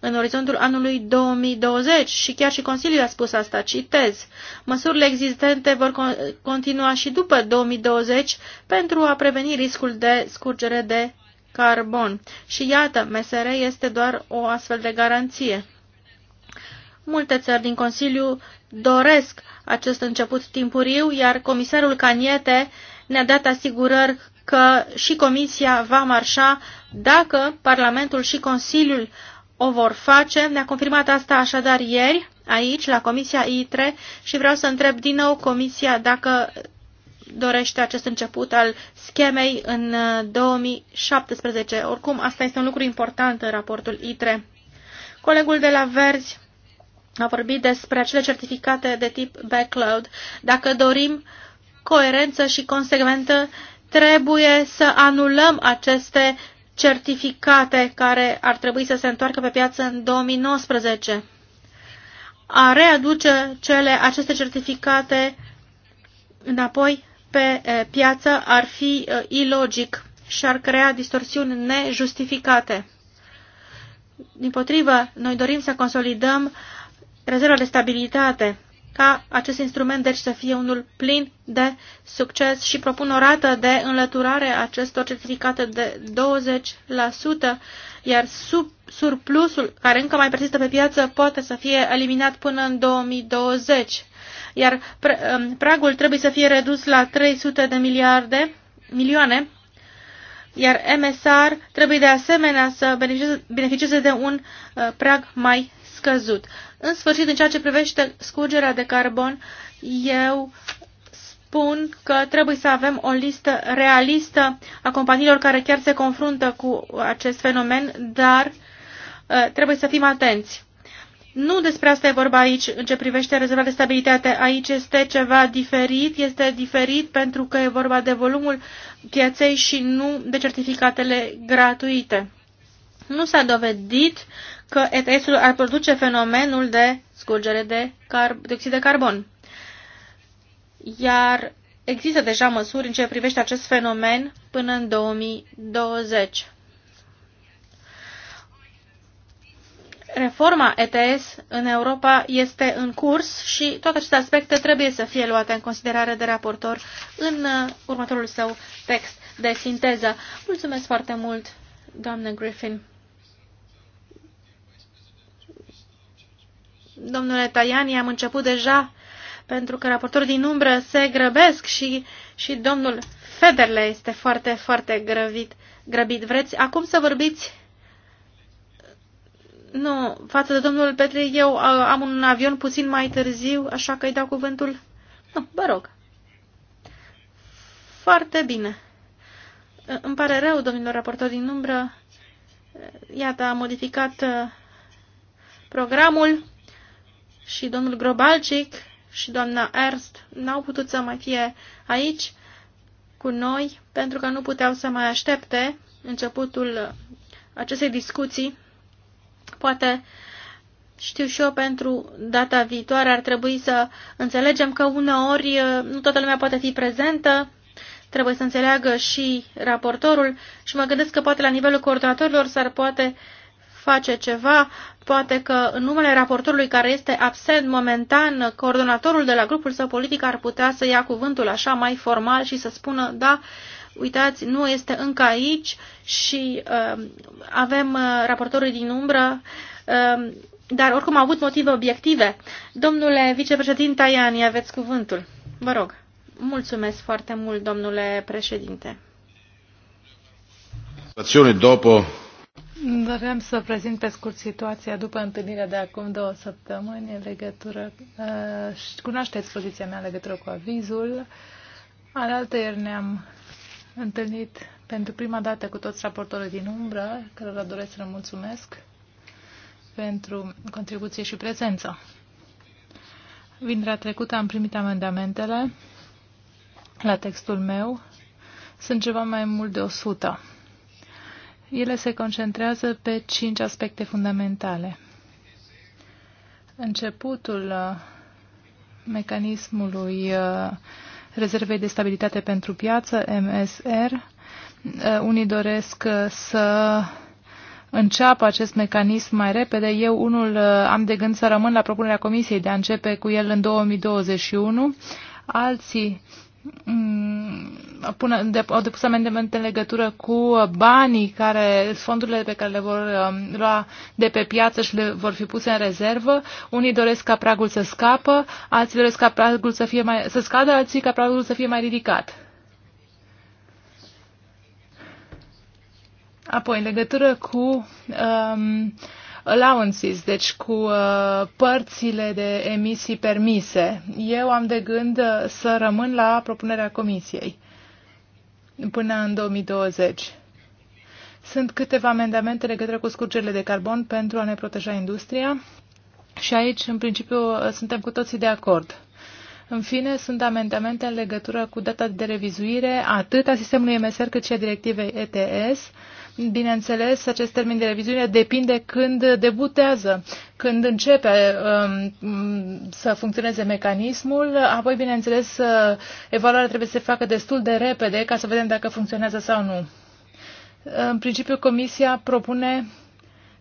în orizontul anului 2020 și chiar și Consiliul a spus asta, citez. Măsurile existente vor continua și după 2020 pentru a preveni riscul de scurgere de carbon. Și iată, MSR este doar o astfel de garanție. Multe țări din Consiliu doresc acest început timpuriu, iar comisarul Caniete ne-a dat asigurări că și Comisia va marșa dacă Parlamentul și Consiliul o vor face. Ne-a confirmat asta așadar ieri, aici, la Comisia ITRE și vreau să întreb din nou Comisia dacă dorește acest început al schemei în 2017. Uh, Oricum, asta este un lucru important în raportul ITRE. Colegul de la Verzi a vorbit despre acele certificate de tip backload. Dacă dorim coerență și consecventă, trebuie să anulăm aceste certificate care ar trebui să se întoarcă pe piață în 2019. A readuce cele, aceste certificate înapoi pe piață ar fi ilogic și ar crea distorsiuni nejustificate. Din potrivă, noi dorim să consolidăm uh, rezerva de stabilitate, ca acest instrument deci să fie unul plin de succes și propun o rată de înlăturare a acestor certificate de 20%, iar sub, surplusul care încă mai persistă pe piață poate să fie eliminat până în 2020, iar um, pragul trebuie să fie redus la 300 de miliarde, milioane, iar MSR trebuie de asemenea să beneficieze, de un uh, prag mai scăzut. În sfârșit, în ceea ce privește scurgerea de carbon, eu spun că trebuie să avem o listă realistă a companiilor care chiar se confruntă cu acest fenomen, dar uh, trebuie să fim atenți. Nu despre asta e vorba aici în ce privește rezerva de stabilitate. Aici este ceva diferit, este diferit pentru că e vorba de volumul pieței și nu de certificatele gratuite. Nu s-a dovedit că ETS-ul ar produce fenomenul de scurgere de dioxid de carbon. Iar există deja măsuri în ce privește acest fenomen până în 2020. Reforma ETS în Europa este în curs și toate aceste aspecte trebuie să fie luate în considerare de raportor în uh, următorul său text de sinteză. Mulțumesc foarte mult, doamnă Griffin. Domnule Tajani, am început deja pentru că raportorii din umbră se grăbesc și, și domnul Federle este foarte, foarte grăbit. grăbit. Vreți acum să vorbiți? Nu, față de domnul Petri, eu am un avion puțin mai târziu, așa că îi dau cuvântul. Nu, vă rog. Foarte bine. Îmi pare rău, domnilor raportori din umbră. Iată, a modificat uh, programul și domnul Grobalcic și doamna Ernst n-au putut să mai fie aici cu noi pentru că nu puteau să mai aștepte începutul acestei discuții. Poate știu și eu pentru data viitoare ar trebui să înțelegem că uneori uh, nu toată lumea poate fi prezentă, trebuie să înțeleagă și raportorul și mă gândesc că poate la nivelul coordonatorilor s-ar poate uh, face ceva. Poate că în numele raportorului care este absent momentan, coordonatorul de la grupul său politic ar putea să ia cuvântul așa mai formal și să spună da, uitați, nu este încă aici și uh, avem uh, raportorul din umbră. Uh, dar oricum au avut motive obiective. Domnule vicepreședinte Iani, aveți cuvântul. Vă rog. Mulțumesc foarte mult, domnule președinte. Dopo Doream să prezint pe scurt situația după întâlnirea de acum două săptămâni în legătură, uh, cunoașteți poziția mea în legătură cu avizul. Alaltă ieri ne-am întâlnit pentru prima dată cu toți raportorii din umbră, cărora doresc să le mulțumesc pentru contribuție și prezență. Vinerea trecută am primit amendamentele la textul meu. Sunt ceva mai mult de 100. Ele se concentrează pe cinci aspecte fundamentale. Începutul uh, mecanismului uh, rezervei de stabilitate pentru piață, MSR, uh, unii doresc să înceapă acest mecanism mai repede. Eu unul am de gând să rămân la propunerea Comisiei de a începe cu el în 2021. Alții Mm, au depus amendamente în legătură cu banii care, fondurile pe care le vor um, lua de pe piață și le vor fi puse în rezervă. Unii doresc ca pragul să scapă, alții doresc ca pragul să, fie mai, să scadă, alții ca pragul să fie mai ridicat. Apoi, în legătură cu um, allowances, deci cu uh, părțile de emisii permise. Eu am de gând uh, să rămân la propunerea comisiei până în 2020. Sunt câteva amendamente legătură cu scurgerile de carbon pentru a ne proteja industria și aici, în principiu, uh, suntem cu toții de acord. În fine, sunt amendamente în legătură cu data de revizuire atât a sistemului MSR cât și a directivei ETS Bineînțeles, acest termen de revizuire depinde când debutează, când începe um, să funcționeze mecanismul, apoi, bineînțeles, evaluarea trebuie să se facă destul de repede ca să vedem dacă funcționează sau nu. În principiu, Comisia propune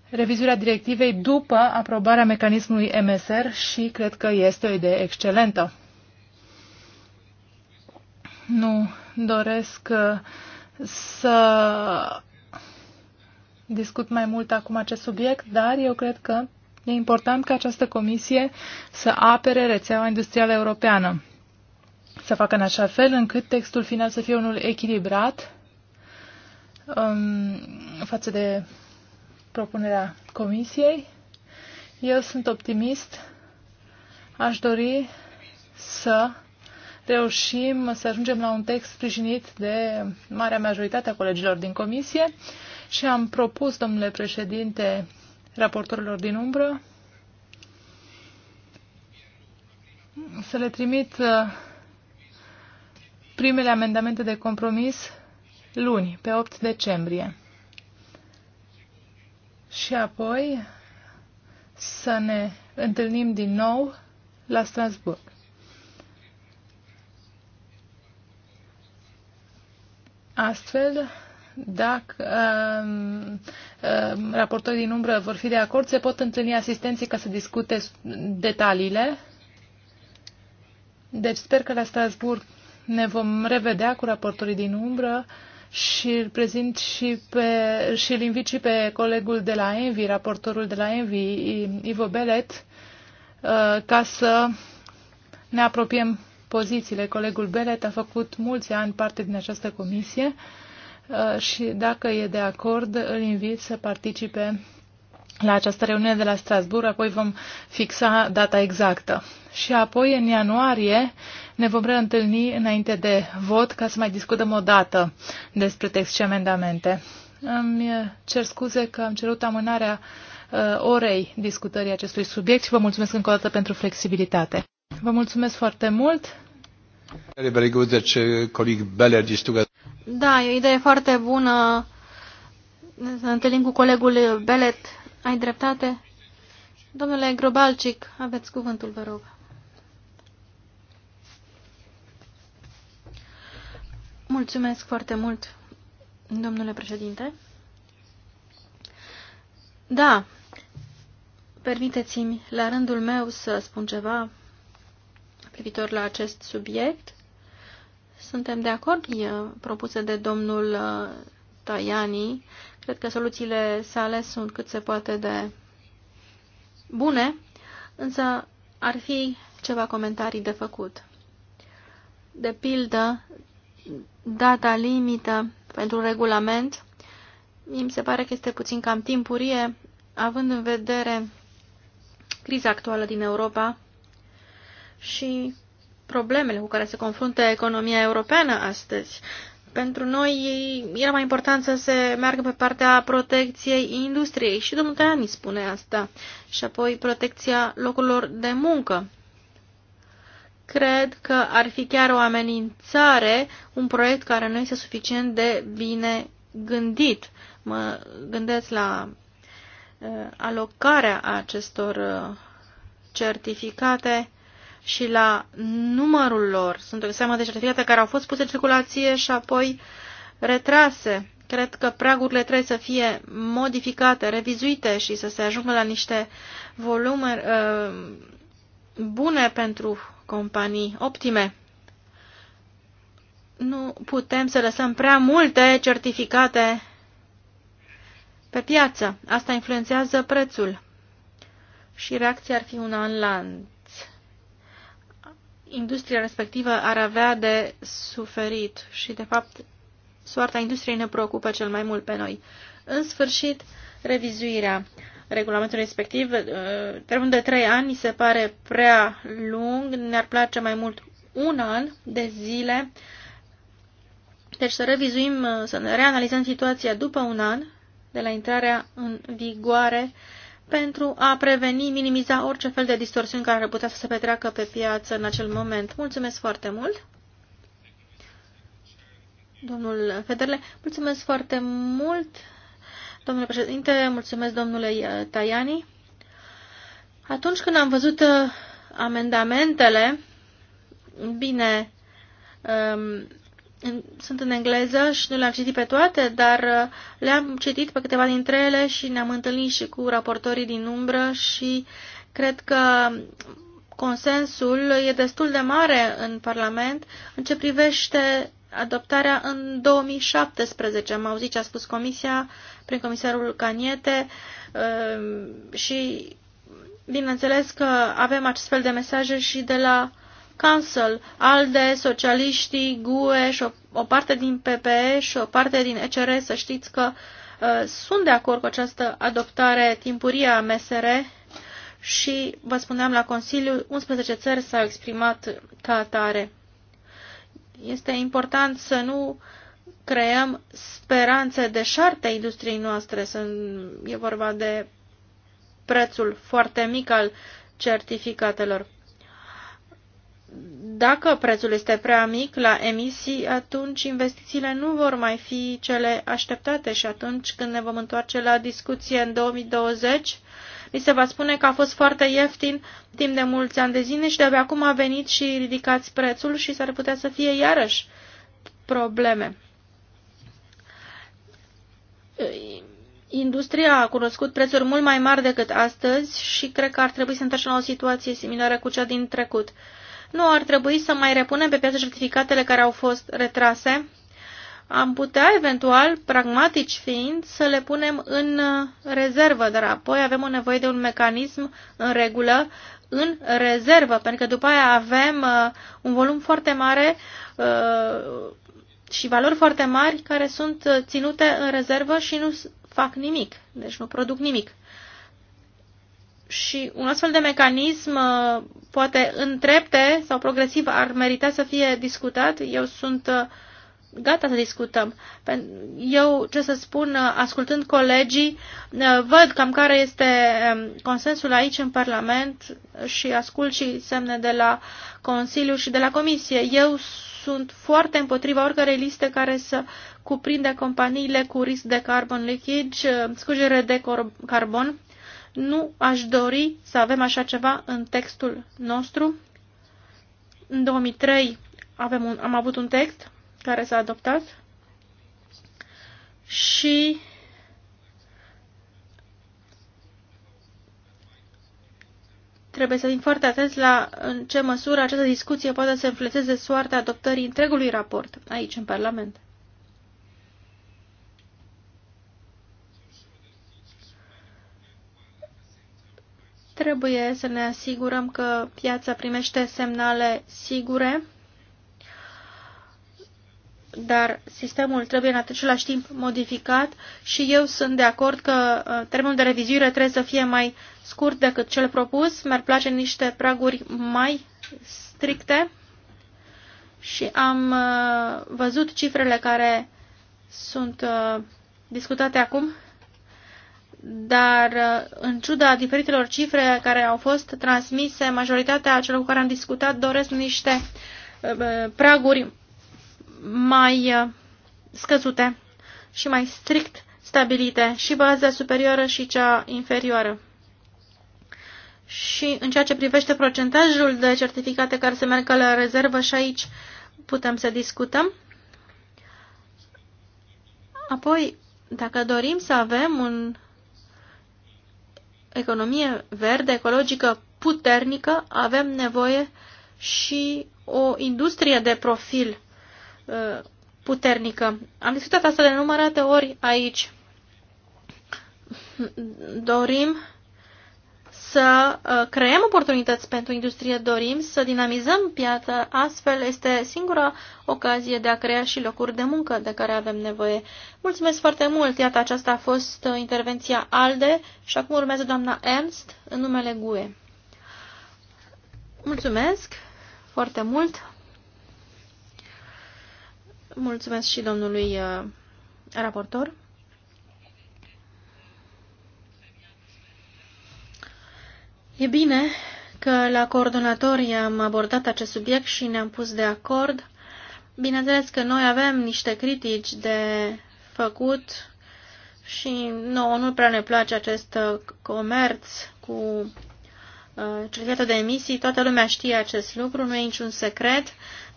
revizuirea directivei după aprobarea mecanismului MSR și cred că este o idee excelentă. Nu doresc uh, să discut mai mult acum acest subiect, dar eu cred că e important ca această comisie să apere rețeaua industrială europeană, să facă în așa fel încât textul final să fie unul echilibrat um, față de propunerea comisiei. Eu sunt optimist, aș dori să reușim să ajungem la un text sprijinit de marea majoritate a colegilor din comisie. Uh, și am propus, domnule președinte, raportorilor din umbră să le trimit uh, primele amendamente de compromis luni, pe 8 decembrie. Și apoi să ne întâlnim din nou la Strasburg. Astfel, dacă um, um, raportorii din umbră vor fi de acord, se pot întâlni asistenții ca să discute detaliile. Deci sper că la Strasburg ne vom revedea cu raportorii din umbră și îl prezint și pe, și îl invit și pe colegul de la Envi, raportorul de la Envi, Ivo Belet, uh, ca să ne apropiem pozițiile. Colegul Belet a făcut mulți ani parte din această comisie. Uh, și dacă e de acord, îl invit să participe la această reuniune de la Strasburg, apoi vom fixa data exactă. Și apoi, în ianuarie, ne vom reîntâlni înainte de vot ca să mai discutăm o dată despre text și amendamente. Îmi uh, cer scuze că am cerut amânarea uh, orei discutării acestui subiect și vă mulțumesc încă o dată pentru flexibilitate. Vă mulțumesc foarte mult! Uh, da, e o idee foarte bună să întâlnim cu colegul Belet. Ai dreptate? Domnule Grobalcic, aveți cuvântul, vă rog. Mulțumesc foarte mult, domnule președinte. Da, permiteți-mi la rândul meu să spun ceva privitor la acest subiect. Suntem de acord propuse de domnul uh, Tajani. Cred că soluțiile sale sunt cât se poate de bune, însă ar fi ceva comentarii de făcut. De pildă, data limită pentru regulament mi se pare că este puțin cam timpurie, având în vedere criza actuală din Europa și problemele cu care se confruntă economia europeană astăzi. Pentru noi era mai important să se meargă pe partea protecției industriei și domnul Tajani spune asta. Și apoi protecția locurilor de muncă. Cred că ar fi chiar o amenințare, un proiect care nu este suficient de bine gândit. Mă gândesc la uh, alocarea acestor uh, certificate și la numărul lor. Sunt o seamă de certificate care au fost puse în circulație și apoi retrase. Cred că pragurile trebuie să fie modificate, revizuite și să se ajungă la niște volume uh, bune pentru companii, optime. Nu putem să lăsăm prea multe certificate pe piață. Asta influențează prețul. Și reacția ar fi una în lanț industria respectivă ar avea de suferit și, de fapt, soarta industriei ne preocupă cel mai mult pe noi. În sfârșit, revizuirea regulamentului respectiv, uh, termenul de trei ani se pare prea lung, ne-ar place mai mult un an de zile, deci să revizuim, să ne reanalizăm situația după un an de la intrarea în vigoare pentru a preveni, minimiza orice fel de distorsiuni care ar putea să se petreacă pe piață în acel moment. Mulțumesc foarte mult! Domnul Federle, mulțumesc foarte mult, domnule președinte, mulțumesc domnule Tajani. Atunci când am văzut uh, amendamentele, bine, um, sunt în engleză și nu le-am citit pe toate, dar uh, le-am citit pe câteva dintre ele și ne-am întâlnit și cu raportorii din umbră și cred că consensul e destul de mare în Parlament în ce privește adoptarea în 2017. Am auzit ce a spus Comisia prin comisarul Caniete um, și bineînțeles că avem acest fel de mesaje și de la Council, ALDE, socialiștii, GUE și o, o parte din PPE și o parte din ECR, să știți că uh, sunt de acord cu această adoptare timpurie a MSR și, vă spuneam, la Consiliu 11 țări s-au exprimat ca atare. Este important să nu creăm speranțe de șarte industriei noastre. Sunt, e vorba de prețul foarte mic al certificatelor dacă prețul este prea mic la emisii, atunci investițiile nu vor mai fi cele așteptate și atunci când ne vom întoarce la discuție în 2020, mi se va spune că a fost foarte ieftin timp de mulți ani de zile și de-abia acum a venit și ridicați prețul și s-ar putea să fie iarăși probleme. Industria a cunoscut prețuri mult mai mari decât astăzi și cred că ar trebui să întoarcem la o situație similară cu cea din trecut nu ar trebui să mai repunem pe piață certificatele care au fost retrase. Am putea, eventual, pragmatici fiind, să le punem în uh, rezervă, dar apoi avem o nevoie de un mecanism în regulă în rezervă, pentru că după aia avem uh, un volum foarte mare uh, și valori foarte mari care sunt uh, ținute în rezervă și nu fac nimic, deci nu produc nimic și un astfel de mecanism uh, poate întrepte sau progresiv ar merita să fie discutat. Eu sunt uh, gata să discutăm. Eu, ce să spun, uh, ascultând colegii, văd cam care este um, consensul aici în Parlament și ascult și semne de la Consiliu și de la Comisie. Eu sunt foarte împotriva oricărei liste care să cuprinde companiile cu risc de carbon lichid, scujere de carbon, nu aș dori să avem așa ceva în textul nostru. În 2003 avem un, am avut un text care s-a adoptat și trebuie să fim foarte atenți la în ce măsură această discuție poate să înfleteze soarta adoptării întregului raport aici în Parlament. Trebuie să ne asigurăm că piața primește semnale sigure, dar sistemul trebuie în același timp modificat și eu sunt de acord că uh, termenul de revizuire trebuie să fie mai scurt decât cel propus. Mi-ar place niște praguri mai stricte și am uh, văzut cifrele care sunt uh, discutate acum dar uh, în ciuda diferitelor cifre care au fost transmise, majoritatea celor cu care am discutat doresc niște uh, uh, praguri mai scăzute și mai strict stabilite și baza superioară și cea inferioară. Și în ceea ce privește procentajul de certificate care se merg la rezervă și aici putem să discutăm. Apoi, dacă dorim să avem un economie verde, ecologică puternică, avem nevoie și o industrie de profil uh, puternică. Am discutat asta de numărate ori aici. Dorim să uh, creăm oportunități pentru industrie, dorim să dinamizăm piața, astfel este singura ocazie de a crea și locuri de muncă de care avem nevoie. Mulțumesc foarte mult! Iată, aceasta a fost uh, intervenția ALDE și acum urmează doamna Ernst în numele GUE. Mulțumesc foarte mult! Mulțumesc și domnului uh, raportor. E bine că la coordonatorii am abordat acest subiect și ne-am pus de acord. Bineînțeles că noi avem niște critici de făcut și nouă nu prea ne place acest comerț cu uh, certificatul de emisii, toată lumea știe acest lucru, nu e niciun secret,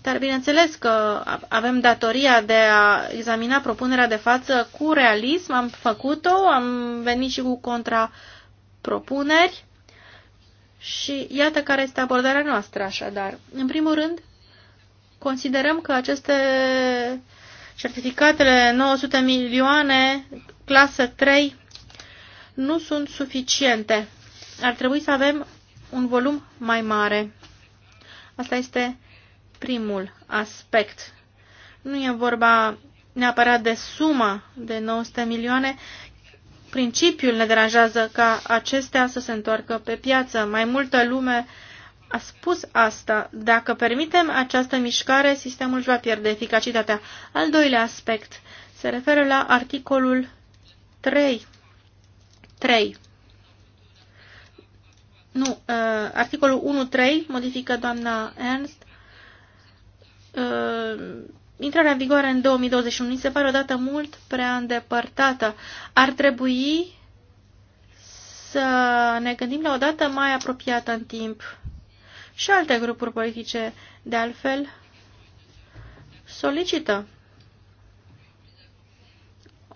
dar bineînțeles că avem datoria de a examina propunerea de față cu realism, am făcut-o, am venit și cu contrapropuneri și iată care este abordarea noastră, așadar. În primul rând, considerăm că aceste certificatele 900 milioane, clasă 3, nu sunt suficiente. Ar trebui să avem un volum mai mare. Asta este primul aspect. Nu e vorba neapărat de suma de 900 milioane, principiul ne deranjează ca acestea să se întoarcă pe piață. Mai multă lume a spus asta. Dacă permitem această mișcare, sistemul își va pierde eficacitatea. Al doilea aspect se referă la articolul 3. 3. Nu, uh, articolul 1.3 modifică doamna Ernst. Uh, intrarea în vigoare în 2021 mi se pare o dată mult prea îndepărtată. Ar trebui să ne gândim la o dată mai apropiată în timp. Și alte grupuri politice, de altfel, solicită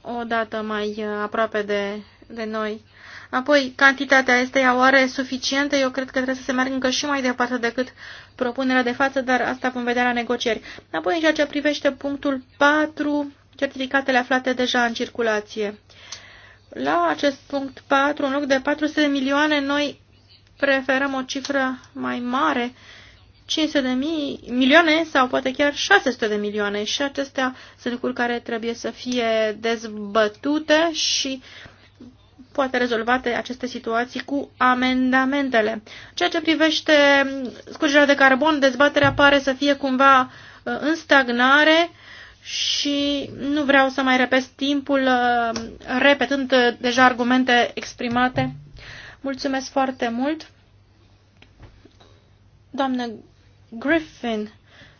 o dată mai aproape de, de noi. Apoi, cantitatea este oare suficientă? Eu cred că trebuie să se meargă încă și mai departe decât propunerea de față, dar asta vom vedea la negocieri. Apoi, în ceea ce privește punctul 4, certificatele aflate deja în circulație. La acest punct 4, în loc de 400 de milioane, noi preferăm o cifră mai mare, 500 de mii, milioane sau poate chiar 600 de milioane și acestea sunt lucruri care trebuie să fie dezbătute și uh, poate rezolvate aceste situații cu amendamentele. Ceea ce privește scurgerea de carbon, dezbaterea pare să fie cumva uh, în stagnare și nu vreau să mai repet timpul uh, repetând uh, deja argumente exprimate. Mulțumesc foarte mult. Doamnă Griffin,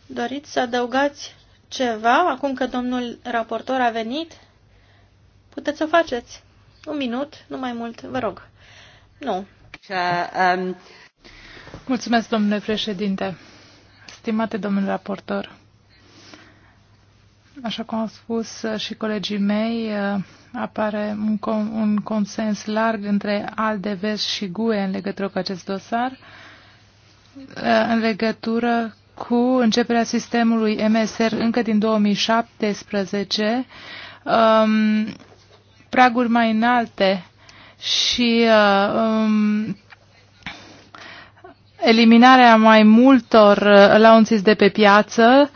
doriți să adăugați ceva acum că domnul raportor a venit? Puteți să o faceți. Un minut, nu mai mult, vă rog. Nu. Um, Mulțumesc, domnule președinte. Stimate domnule raportor, așa cum au spus și colegii mei, uh, apare un, con un consens larg între ALDE, VES și GUE în legătură cu acest dosar, uh, în legătură cu începerea sistemului MSR încă din 2017, um, praguri mai înalte și uh, um, eliminarea mai multor uh, launțis de pe piață,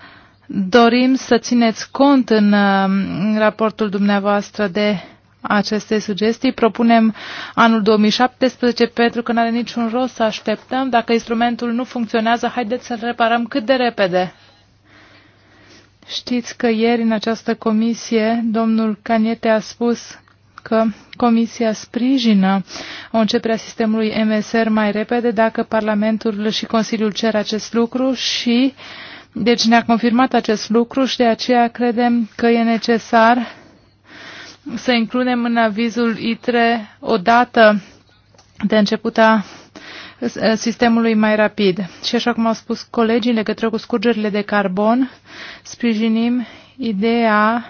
dorim să țineți cont în, uh, raportul dumneavoastră de aceste sugestii. Propunem anul 2017 pentru că nu are niciun rost să așteptăm. Dacă instrumentul nu funcționează, haideți să-l reparăm cât de repede. Știți că ieri în această comisie domnul Caniete a spus dacă Comisia sprijină o începere a sistemului MSR mai repede dacă Parlamentul și Consiliul cer acest lucru și deci ne-a confirmat acest lucru și de aceea credem că e necesar să includem în avizul ITRE o dată de începuta sistemului mai rapid. Și așa cum au spus colegii în legătură cu scurgerile de carbon, sprijinim ideea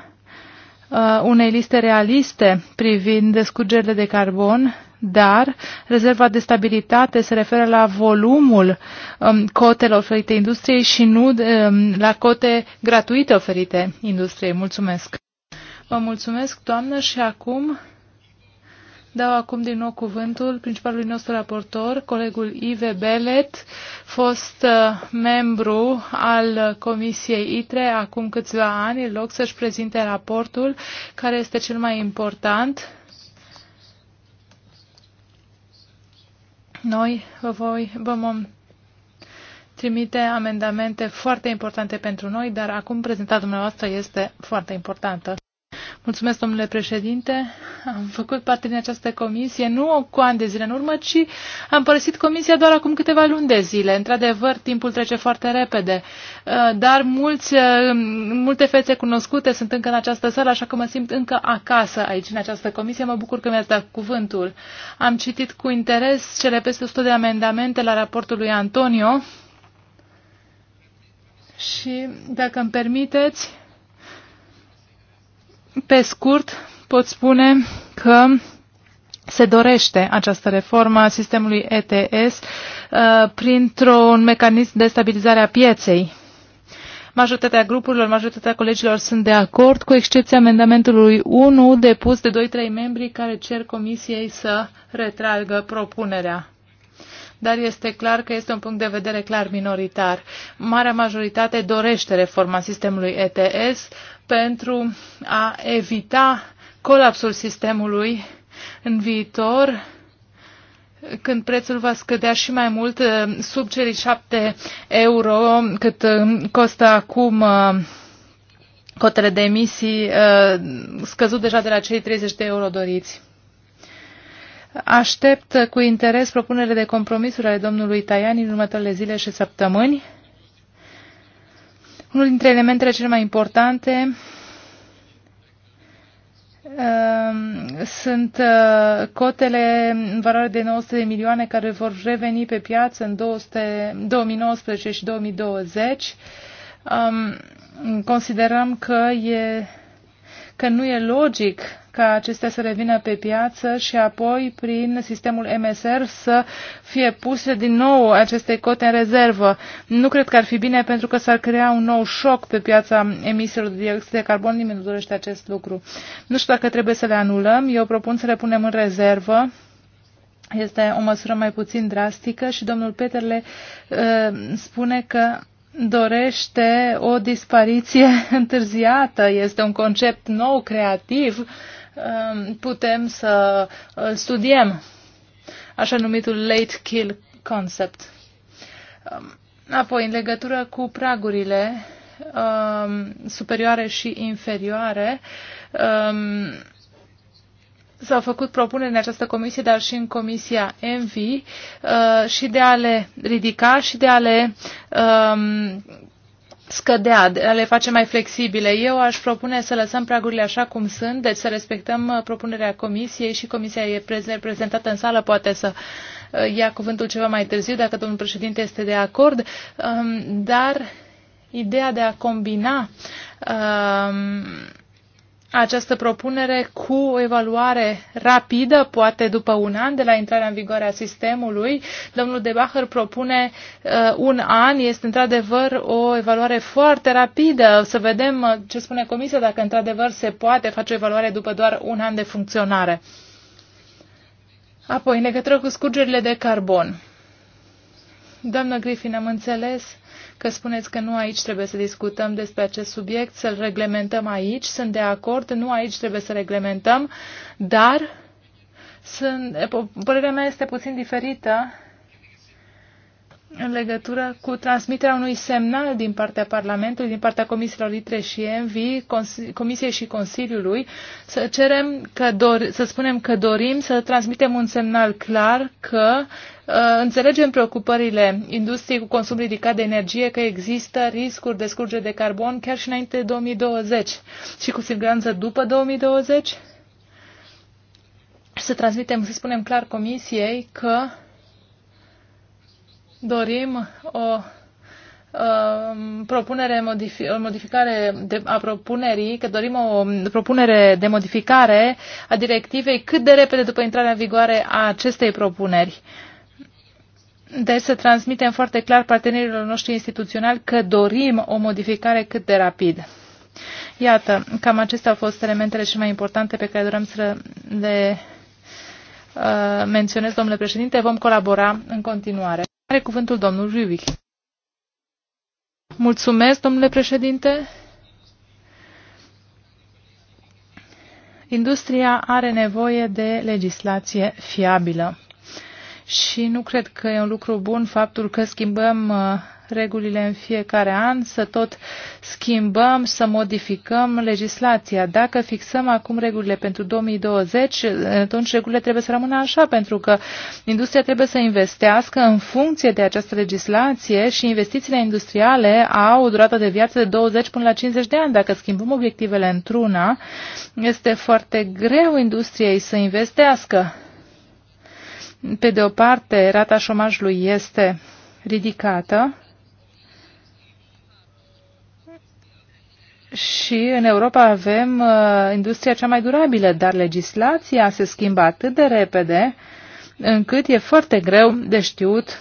Uh, unei liste realiste privind descurgerile de carbon, dar rezerva de stabilitate se referă la volumul um, cotelor oferite industriei și nu um, la cote gratuite oferite industriei. Mulțumesc! Vă mulțumesc, doamnă, și acum Dau acum din nou cuvântul principalului nostru raportor, colegul Ive Belet, fost uh, membru al Comisiei ITRE acum câțiva ani, în loc să-și prezinte raportul, care este cel mai important. Noi vă, voi, vă vom trimite amendamente foarte importante pentru noi, dar acum prezentarea dumneavoastră este foarte importantă. Mulțumesc, domnule președinte. Am făcut parte din această comisie nu cu ani de zile în urmă, ci am părăsit comisia doar acum câteva luni de zile. Într-adevăr, timpul trece foarte repede, uh, dar mulți, uh, multe fețe cunoscute sunt încă în această sală, așa că mă simt încă acasă aici, în această comisie. Mă bucur că mi-ați dat cuvântul. Am citit cu interes cele peste 100 de amendamente la raportul lui Antonio și, dacă îmi permiteți, pe scurt, pot spune că se dorește această reformă a sistemului ETS uh, printr-un mecanism de stabilizare a pieței. Majoritatea grupurilor, majoritatea colegilor sunt de acord, cu excepția amendamentului 1 depus de 2-3 membri care cer comisiei să retragă propunerea dar este clar că este un punct de vedere clar minoritar. Marea majoritate dorește reforma sistemului ETS, pentru a evita colapsul sistemului în viitor, când prețul va scădea și mai mult uh, sub cei 7 euro cât uh, costă acum uh, cotele de emisii scăzut deja de la cei 30 de euro doriți. Aștept cu interes propunerile de compromisuri ale domnului Tajani în următoarele zile și săptămâni unul dintre elementele cele mai importante um, sunt uh, cotele în valoare de 900 de milioane care vor reveni pe piață în 200, 2019 și 2020. Um, considerăm că e că nu e logic ca acestea să revină pe piață și apoi prin sistemul MSR să fie puse din nou aceste cote în rezervă. Nu cred că ar fi bine pentru că s-ar crea un nou șoc pe piața emisiilor de dioxid de carbon. Nimeni nu dorește acest lucru. Nu știu dacă trebuie să le anulăm. Eu propun să le punem în rezervă. Este o măsură mai puțin drastică și domnul Peterle uh, spune că dorește o dispariție întârziată. Este un concept nou, creativ. Um, putem să îl studiem, așa numitul late kill concept. Um, apoi, în legătură cu pragurile um, superioare și inferioare, s-au făcut propuneri în această comisie, dar și în comisia ENVI, uh, și de a le ridica și de a le um, scădea, de a le face mai flexibile. Eu aș propune să lăsăm pragurile așa cum sunt, deci să respectăm uh, propunerea comisiei și comisia e prezentată în sală, poate să uh, ia cuvântul ceva mai târziu, dacă domnul președinte este de acord, um, dar ideea de a combina um, această propunere cu o evaluare rapidă, poate după un an de la intrarea în vigoare a sistemului. Domnul De Bacher propune uh, un an, este într-adevăr o evaluare foarte rapidă. Să vedem uh, ce spune Comisia, dacă într-adevăr se poate face o evaluare după doar un an de funcționare. Apoi, în legătură cu scurgerile de carbon. Doamnă Griffin, am înțeles că spuneți că nu aici trebuie să discutăm despre acest subiect, să-l reglementăm aici. Sunt de acord, nu aici trebuie să reglementăm, dar sunt, părerea mea este puțin diferită în legătură cu transmiterea unui semnal din partea Parlamentului, din partea Comisiilor Litre și ENVI, Comisiei și Consiliului, să cerem că dor, să spunem că dorim să transmitem un semnal clar că uh, înțelegem preocupările industriei cu consum ridicat de energie, că există riscuri de scurgere de carbon chiar și înainte de 2020 și cu siguranță după 2020 să transmitem, să spunem clar Comisiei că uh, dorim o um, propunere modifi- modificare de, a propunerii, că dorim o propunere de modificare a directivei cât de repede după intrarea în vigoare a acestei propuneri. Deci să transmitem foarte clar partenerilor noștri instituționali că dorim o modificare cât de rapid. Iată, cam acestea au fost elementele cele mai importante pe care doream să le uh, menționez, domnule președinte. Vom colabora în continuare. Are cuvântul domnul Rubic. Mulțumesc, domnule președinte. Industria are nevoie de legislație fiabilă. Și nu cred că e un lucru bun faptul că schimbăm uh, regulile în fiecare an, să tot schimbăm, să modificăm legislația. Dacă fixăm acum regulile pentru 2020, atunci regulile trebuie să rămână așa, pentru că industria trebuie să investească în funcție de această legislație și investițiile industriale au o durată de viață de 20 până la 50 de ani. Dacă schimbăm obiectivele într-una, este foarte greu industriei să investească. Pe de o parte, rata șomajului este ridicată, și în Europa avem uh, industria cea mai durabilă, dar legislația se schimbă atât de repede încât e foarte greu de știut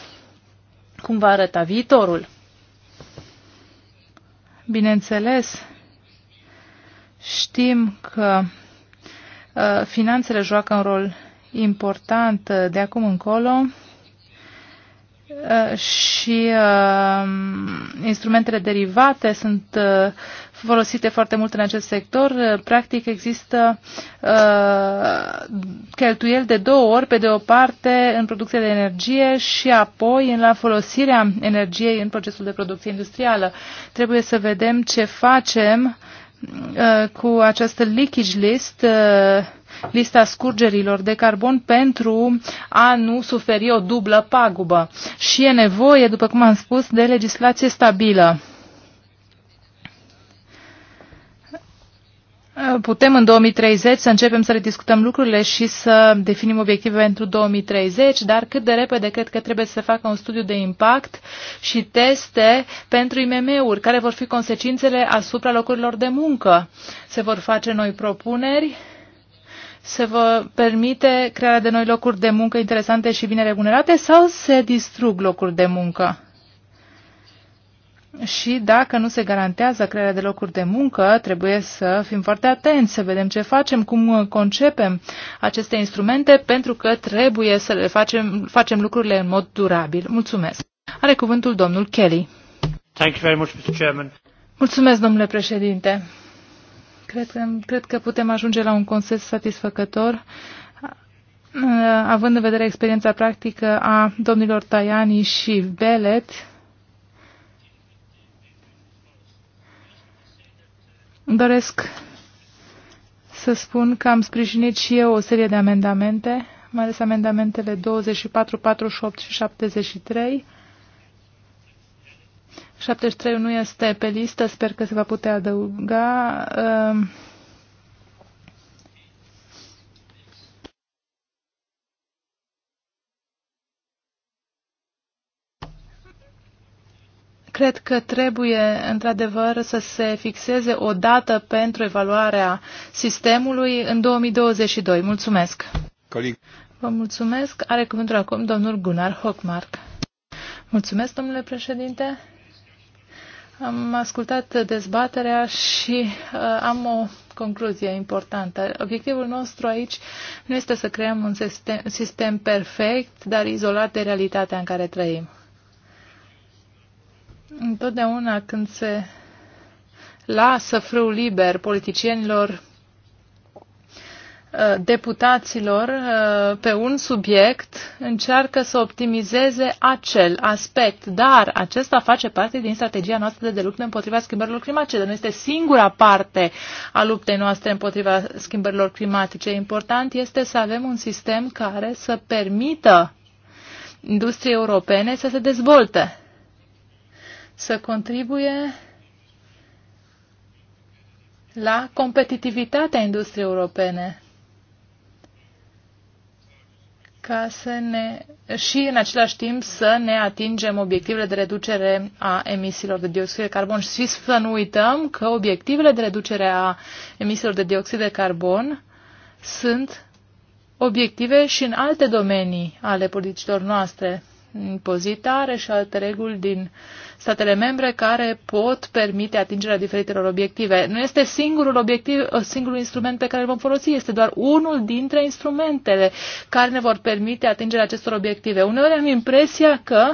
cum va arăta viitorul. Bineînțeles, știm că uh, finanțele joacă un rol important uh, de acum încolo uh, și uh, instrumentele derivate sunt uh, folosite foarte mult în acest sector. Practic există uh, cheltuieli de două ori, pe de o parte în producția de energie și apoi în la folosirea energiei în procesul de producție industrială. Trebuie să vedem ce facem uh, cu această leakage list, uh, lista scurgerilor de carbon pentru a nu suferi o dublă pagubă. Și e nevoie, după cum am spus, de legislație stabilă putem în 2030 să începem să rediscutăm lucrurile și să definim obiective pentru 2030, dar cât de repede cred că trebuie să se facă un studiu de impact și teste pentru IMM-uri, care vor fi consecințele asupra locurilor de muncă. Se vor face noi propuneri, se vă permite crearea de noi locuri de muncă interesante și bine remunerate sau se distrug locuri de muncă? și dacă nu se garantează crearea de locuri de muncă, trebuie să fim foarte atenți, să vedem ce facem, cum concepem aceste instrumente, pentru că trebuie să le facem, facem lucrurile în mod durabil. Mulțumesc. Are cuvântul domnul Kelly. Thank you very much, Mr. Chairman. Mulțumesc, domnule președinte. Cred că, cred că putem ajunge la un consens satisfăcător, având în vedere experiența practică a domnilor Tajani și Belet, Îmi doresc să spun că am sprijinit și eu o serie de amendamente, mai ales amendamentele 24, 48 și 73. 73 nu este pe listă, sper că se va putea adăuga. Uh, Cred că trebuie, într-adevăr, să se fixeze o dată pentru evaluarea sistemului în 2022. Mulțumesc! Colic. Vă mulțumesc. Are cuvântul acum domnul Gunnar Hockmark. Mulțumesc, domnule președinte. Am ascultat dezbaterea și uh, am o concluzie importantă. Obiectivul nostru aici nu este să creăm un sistem, sistem perfect, dar izolat de realitatea în care trăim. Întotdeauna când se lasă frâul liber politicienilor, uh, deputaților uh, pe un subiect încearcă să optimizeze acel aspect, dar acesta face parte din strategia noastră de luptă împotriva schimbărilor climatice. Dar Nu este singura parte a luptei noastre împotriva schimbărilor climatice. Important este să avem un sistem care să permită industriei europene să se dezvolte să contribuie la competitivitatea industriei europene ca să ne și în același timp să ne atingem obiectivele de reducere a emisiilor de dioxid de carbon și să nu uităm că obiectivele de reducere a emisiilor de dioxid de carbon sunt obiective și în alte domenii ale politicilor noastre impozitare și alte reguli din statele membre care pot permite atingerea diferitelor obiective. Nu este singurul obiectiv, uh, singurul instrument pe care îl vom folosi, este doar unul dintre instrumentele care ne vor permite atingerea acestor obiective. Uneori am impresia că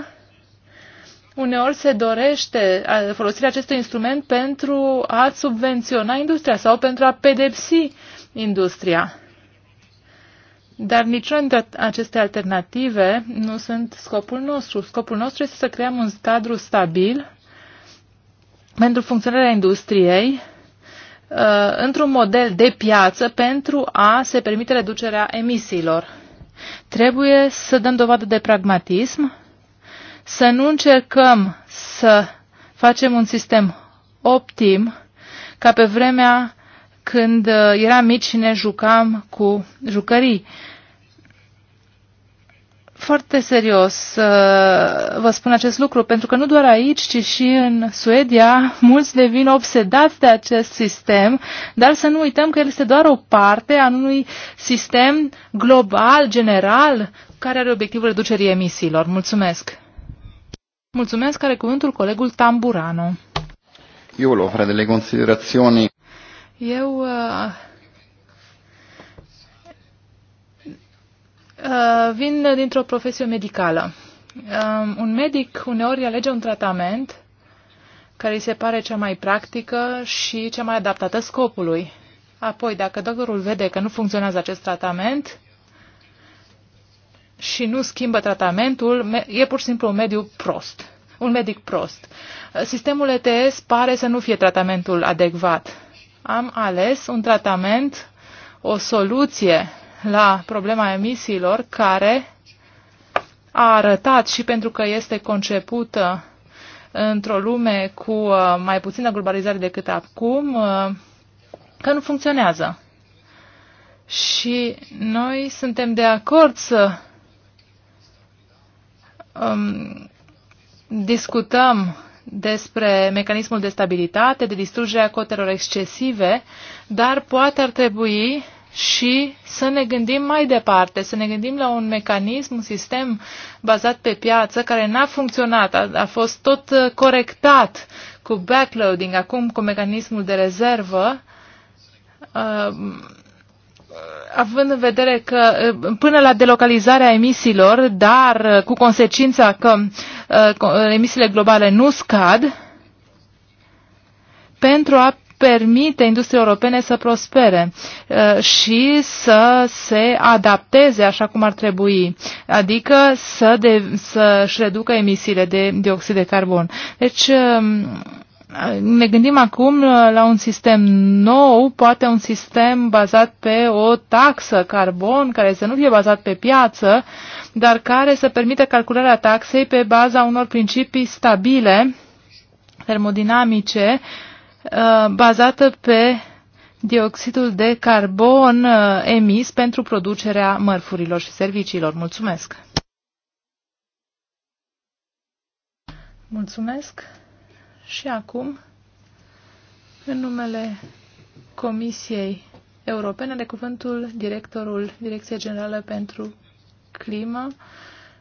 uneori se dorește folosirea acestui instrument pentru a subvenționa industria sau pentru a pedepsi industria. Dar niciuna dintre aceste alternative nu sunt scopul nostru. Scopul nostru este să creăm un cadru stabil pentru funcționarea industriei uh, într-un model de piață pentru a se permite reducerea emisiilor. Trebuie să dăm dovadă de pragmatism, să nu încercăm să facem un sistem optim ca pe vremea când uh, eram mici și ne jucam cu jucării. Foarte serios uh, vă spun acest lucru, pentru că nu doar aici, ci și în Suedia, mulți devin obsedați de acest sistem, dar să nu uităm că el este doar o parte a unui sistem global, general, care are obiectivul reducerii emisiilor. Mulțumesc! Mulțumesc, are cuvântul colegul Tamburano. Eu volevo fare considerazioni. Eu uh, uh, vin dintr-o profesie medicală. Uh, un medic uneori alege un tratament care îi se pare cea mai practică și cea mai adaptată scopului. Apoi, dacă doctorul vede că nu funcționează acest tratament și nu schimbă tratamentul, e pur și simplu un mediu prost, un medic prost. Sistemul ETS pare să nu fie tratamentul adecvat am ales un tratament, o soluție la problema emisiilor care a arătat și pentru că este concepută într-o lume cu uh, mai puțină globalizare decât acum, uh, că nu funcționează. Și noi suntem de acord să um, discutăm despre mecanismul de stabilitate, de distrugerea cotelor excesive, dar poate ar trebui și să ne gândim mai departe, să ne gândim la un mecanism, un sistem bazat pe piață care n-a funcționat, a, a fost tot uh, corectat cu backloading, acum cu mecanismul de rezervă. Uh, având în vedere că eh, până la delocalizarea emisiilor, dar eh, cu consecința că eh, emisiile globale nu scad, pentru a permite industriei europene să prospere și să se adapteze așa cum ar trebui, adică să și să reducă emisiile de dioxid de carbon. Deci ne gândim acum uh, la un sistem nou, poate un sistem bazat pe o taxă carbon, care să nu fie bazat pe piață, dar care să permită calcularea taxei pe baza unor principii stabile, termodinamice, uh, bazată pe dioxidul de carbon uh, emis pentru producerea mărfurilor și serviciilor. Mulțumesc! Mulțumesc! Și acum, în numele Comisiei Europene, de cuvântul directorul Direcției Generală pentru Climă,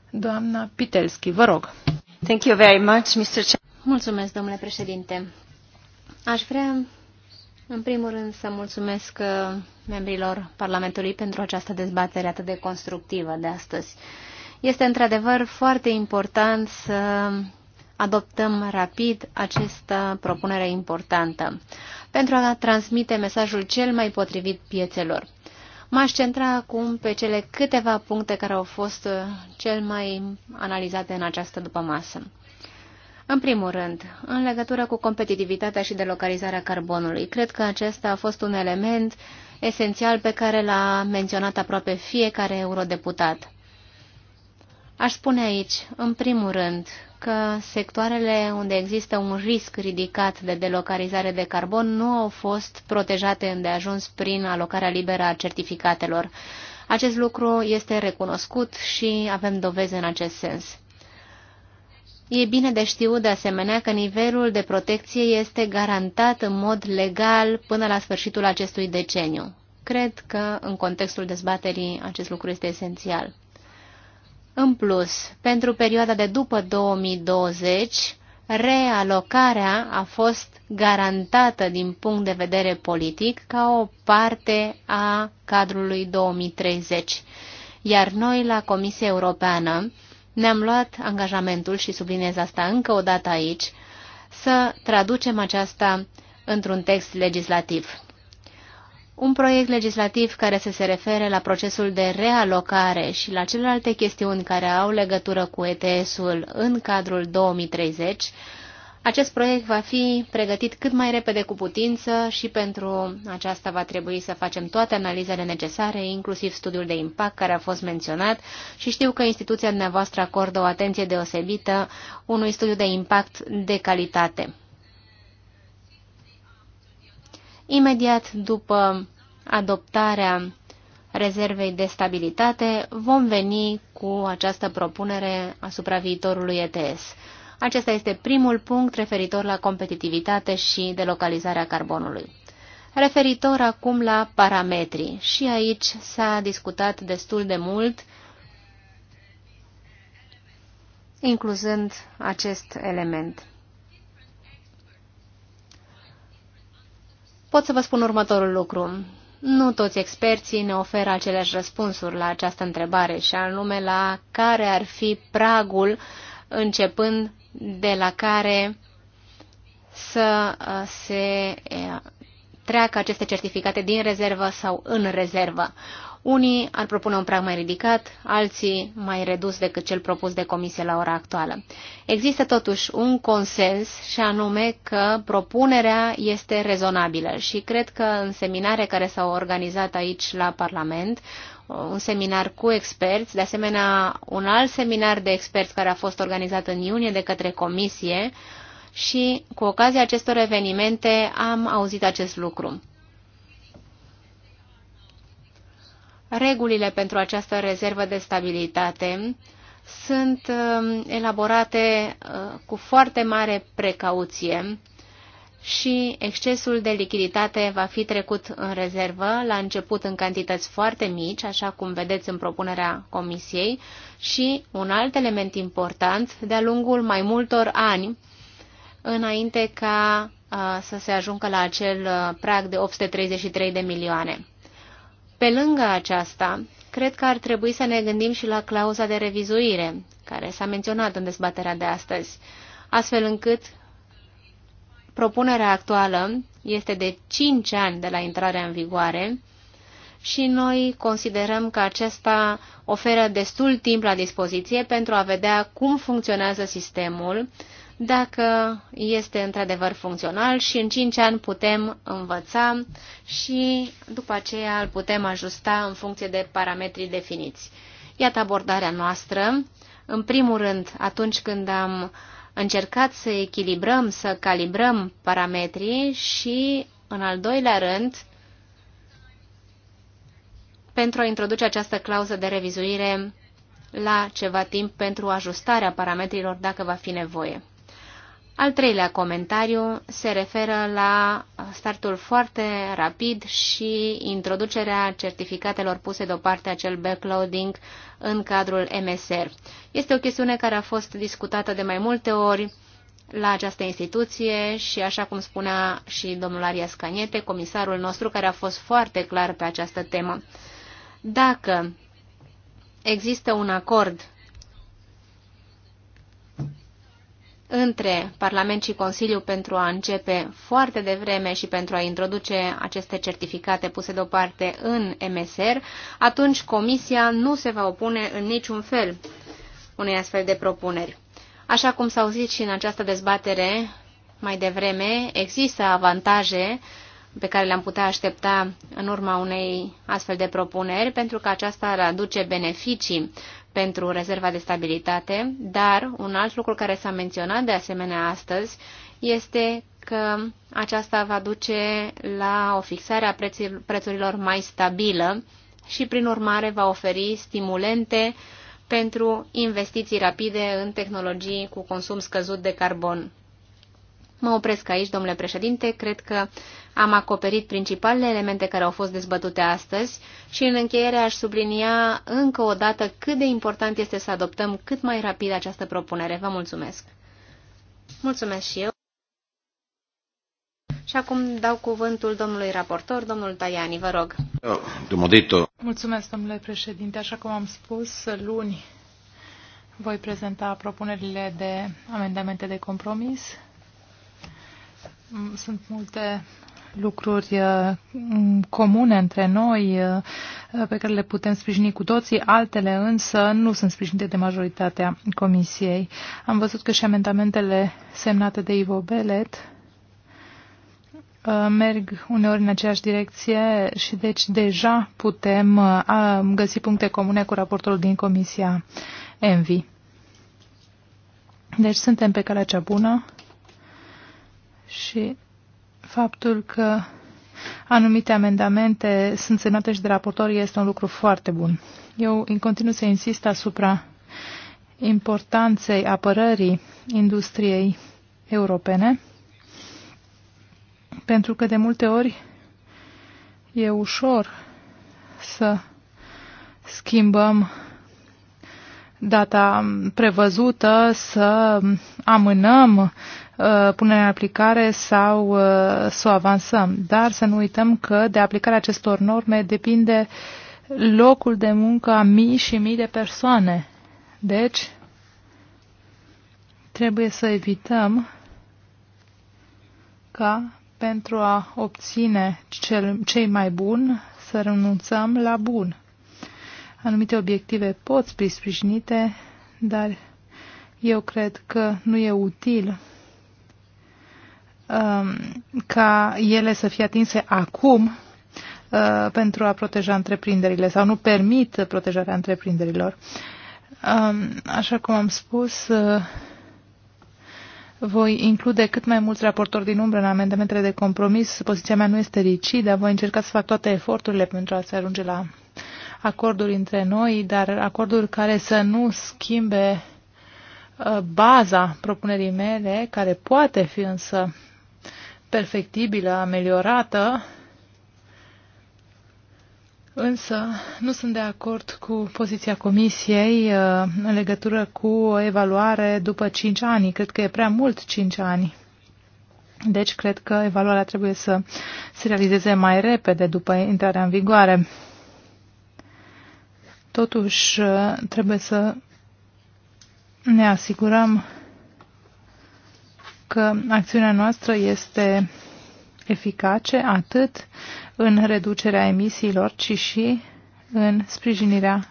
doamna Pitelski. Vă rog. Thank you very much, Mr. Mulțumesc, domnule președinte. Aș vrea, în primul rând, să mulțumesc uh, membrilor Parlamentului pentru această dezbatere atât de constructivă de astăzi. Este într-adevăr foarte important să adoptăm rapid această propunere importantă pentru a transmite mesajul cel mai potrivit piețelor. M-aș centra acum pe cele câteva puncte care au fost uh, cel mai analizate în această dupămasă. În primul rând, în legătură cu competitivitatea și delocalizarea carbonului, cred că acesta a fost un element esențial pe care l-a menționat aproape fiecare eurodeputat. Aș spune aici, în primul rând, că sectoarele unde există un risc ridicat de delocalizare de carbon nu au fost protejate îndeajuns prin alocarea liberă a certificatelor. Acest lucru este recunoscut și avem doveze în acest sens. E bine de știut de asemenea că nivelul de protecție este garantat în mod legal până la sfârșitul acestui deceniu. Cred că în contextul dezbaterii acest lucru este esențial. În plus, pentru perioada de după 2020, realocarea a fost garantată din punct de vedere politic ca o parte a cadrului 2030. Iar noi, la Comisia Europeană, ne-am luat angajamentul, și subliniez asta încă o dată aici, să traducem aceasta într-un text legislativ un proiect legislativ care să se refere la procesul de realocare și la celelalte chestiuni care au legătură cu ETS-ul în cadrul 2030, acest proiect va fi pregătit cât mai repede cu putință și pentru aceasta va trebui să facem toate analizele necesare, inclusiv studiul de impact care a fost menționat și știu că instituția dumneavoastră acordă o atenție deosebită unui studiu de impact de calitate. Imediat după adoptarea rezervei de stabilitate, vom veni cu această propunere asupra viitorului ETS. Acesta este primul punct referitor la competitivitate și delocalizarea carbonului. Referitor acum la parametri, și aici s-a discutat destul de mult, incluzând acest element. pot să vă spun următorul lucru. Nu toți experții ne oferă aceleași răspunsuri la această întrebare, și anume la care ar fi pragul începând de la care să uh, se uh, treacă aceste certificate din rezervă sau în rezervă. Unii ar propune un prag mai ridicat, alții mai redus decât cel propus de comisie la ora actuală. Există totuși un consens și anume că propunerea este rezonabilă și cred că în seminare care s-au organizat aici la Parlament, un seminar cu experți, de asemenea un alt seminar de experți care a fost organizat în iunie de către comisie și cu ocazia acestor evenimente am auzit acest lucru. Regulile pentru această rezervă de stabilitate sunt um, elaborate uh, cu foarte mare precauție și excesul de lichiditate va fi trecut în rezervă, la început în cantități foarte mici, așa cum vedeți în propunerea Comisiei, și un alt element important, de-a lungul mai multor ani, înainte ca uh, să se ajungă la acel uh, prag de 833 de milioane. Pe lângă aceasta, cred că ar trebui să ne gândim și la clauza de revizuire, care s-a menționat în dezbaterea de astăzi, astfel încât propunerea actuală este de 5 ani de la intrarea în vigoare și noi considerăm că acesta oferă destul timp la dispoziție pentru a vedea cum funcționează sistemul dacă este într-adevăr funcțional și în 5 ani putem învăța și după aceea îl putem ajusta în funcție de parametrii definiți. Iată abordarea noastră. În primul rând, atunci când am încercat să echilibrăm, să calibrăm parametrii și, în al doilea rând, pentru a introduce această clauză de revizuire la ceva timp pentru ajustarea parametrilor dacă va fi nevoie. Al treilea comentariu se referă la startul foarte rapid și introducerea certificatelor puse deoparte acel backloading în cadrul MSR. Este o chestiune care a fost discutată de mai multe ori la această instituție și, așa cum spunea și domnul Arias Caniete, comisarul nostru, care a fost foarte clar pe această temă. Dacă există un acord între Parlament și Consiliu pentru a începe foarte devreme și pentru a introduce aceste certificate puse deoparte în MSR, atunci Comisia nu se va opune în niciun fel unei astfel de propuneri. Așa cum s-a zis și în această dezbatere mai devreme, există avantaje pe care le-am putea aștepta în urma unei astfel de propuneri, pentru că aceasta ar aduce beneficii pentru rezerva de stabilitate, dar un alt lucru care s-a menționat de asemenea astăzi este că aceasta va duce la o fixare a prețurilor mai stabilă și, prin urmare, va oferi stimulente pentru investiții rapide în tehnologii cu consum scăzut de carbon. Mă opresc aici, domnule președinte. Cred că am acoperit principalele elemente care au fost dezbătute astăzi și în încheiere aș sublinia încă o dată cât de important este să adoptăm cât mai rapid această propunere. Vă mulțumesc! Mulțumesc și eu! Și acum dau cuvântul domnului raportor, domnul Tajani, vă rog. Mulțumesc, domnule președinte. Așa cum am spus, luni voi prezenta propunerile de amendamente de compromis Mm, sunt multe lucruri uh, mm, comune între noi uh, pe care le putem sprijini cu toții, altele însă nu sunt sprijinite de majoritatea Comisiei. Am văzut că și amendamentele semnate de Ivo Belet uh, merg uneori în aceeași direcție și deci deja putem găsi puncte comune cu raportul din Comisia Envi. Deci suntem pe calea cea bună și faptul că anumite amendamente sunt semnate și de raportori este un lucru foarte bun. Eu în continuu să insist asupra importanței apărării industriei europene, pentru că de multe ori e ușor să schimbăm data prevăzută, să amânăm Uh, punerea în aplicare sau uh, să o avansăm. Dar să nu uităm că de aplicarea acestor norme depinde locul de muncă a mii și mii de persoane. Deci, trebuie să evităm ca pentru a obține cel, cei mai buni să renunțăm la bun. Anumite obiective pot fi sprijinite, dar eu cred că nu e util Um, ca ele să fie atinse acum uh, pentru a proteja întreprinderile sau nu permit protejarea întreprinderilor. Um, așa cum am spus, uh, voi include cât mai mulți raportori din umbră în amendamentele de compromis. Poziția mea nu este ricidă, voi încerca să fac toate eforturile pentru a se ajunge la acorduri între noi, dar acorduri care să nu schimbe uh, baza propunerii mele, care poate fi însă perfectibilă, ameliorată, Însă nu sunt de acord cu poziția Comisiei uh, în legătură cu o evaluare după 5 ani. Cred că e prea mult 5 ani. Deci cred că evaluarea trebuie să se realizeze mai repede după intrarea în vigoare. Totuși uh, trebuie să ne asigurăm că acțiunea noastră este eficace atât în reducerea emisiilor, ci și în sprijinirea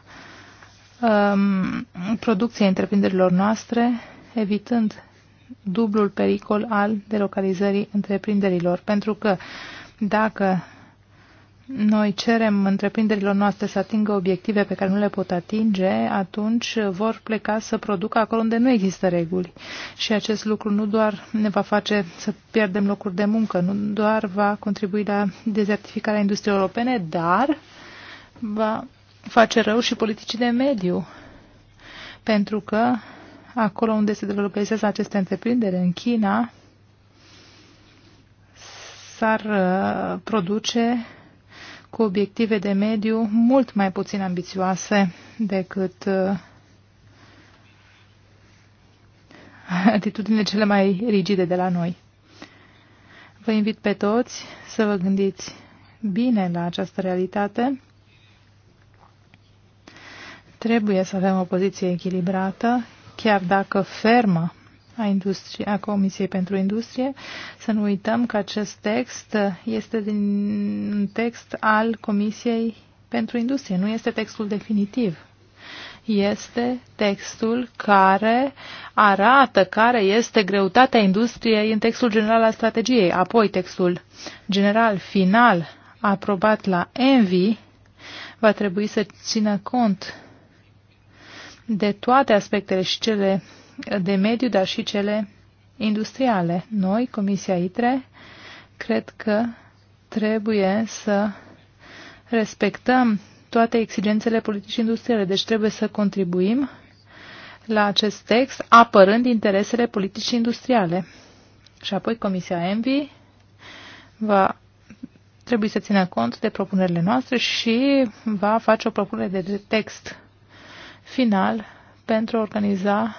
um, producției întreprinderilor noastre, evitând dublul pericol al delocalizării întreprinderilor. Pentru că dacă noi cerem întreprinderilor noastre să atingă obiective pe care nu le pot atinge, atunci vor pleca să producă acolo unde nu există reguli. Și acest lucru nu doar ne va face să pierdem locuri de muncă, nu doar va contribui la dezertificarea industriei europene, dar va face rău și politicii de mediu. Pentru că acolo unde se delocalizează aceste întreprinderi, în China, s-ar uh, produce cu obiective de mediu mult mai puțin ambițioase decât uh, atitudinile cele mai rigide de la noi. Vă invit pe toți să vă gândiți bine la această realitate. Trebuie să avem o poziție echilibrată, chiar dacă fermă a, industrie, a Comisiei pentru Industrie. Să nu uităm că acest text este din un text al Comisiei pentru Industrie, nu este textul definitiv. Este textul care arată care este greutatea industriei în textul general al strategiei. Apoi textul general final aprobat la ENVI va trebui să țină cont de toate aspectele și cele de mediu, dar și cele industriale. Noi, Comisia ITRE, cred că trebuie să respectăm toate exigențele politici industriale, deci trebuie să contribuim la acest text apărând interesele politici industriale. Și apoi Comisia ENVI va trebui să țină cont de propunerile noastre și va face o propunere de text final pentru a organiza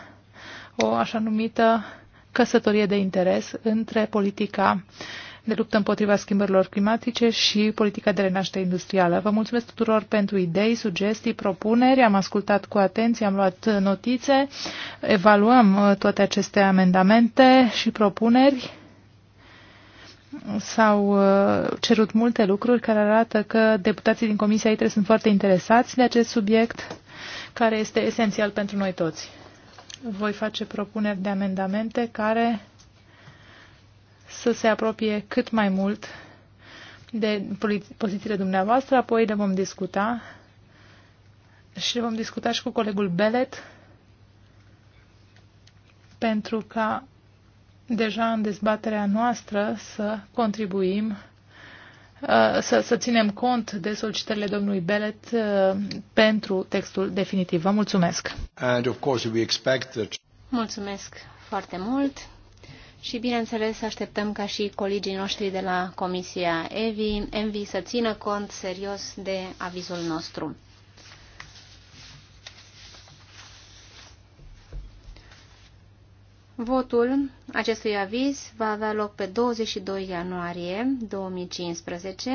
o așa numită căsătorie de interes între politica de luptă împotriva schimbărilor climatice și politica de renaștere industrială. Vă mulțumesc tuturor pentru idei, sugestii, propuneri. Am ascultat cu atenție, am luat notițe, evaluăm uh, toate aceste amendamente și propuneri. S-au uh, cerut multe lucruri care arată că deputații din Comisia ITRE sunt foarte interesați de acest subiect care este esențial pentru noi toți voi face propuneri de amendamente care să se apropie cât mai mult de pozițiile dumneavoastră, apoi le vom discuta și le vom discuta și cu colegul Belet pentru ca deja în dezbaterea noastră să contribuim Uh, să, să ținem cont de solicitările domnului Belet uh, pentru textul definitiv. Vă mulțumesc! And of course we expect that... Mulțumesc foarte mult! Și, bineînțeles, așteptăm ca și colegii noștri de la Comisia EVI, ENVI să țină cont serios de avizul nostru. Votul acestui aviz va avea loc pe 22 ianuarie 2015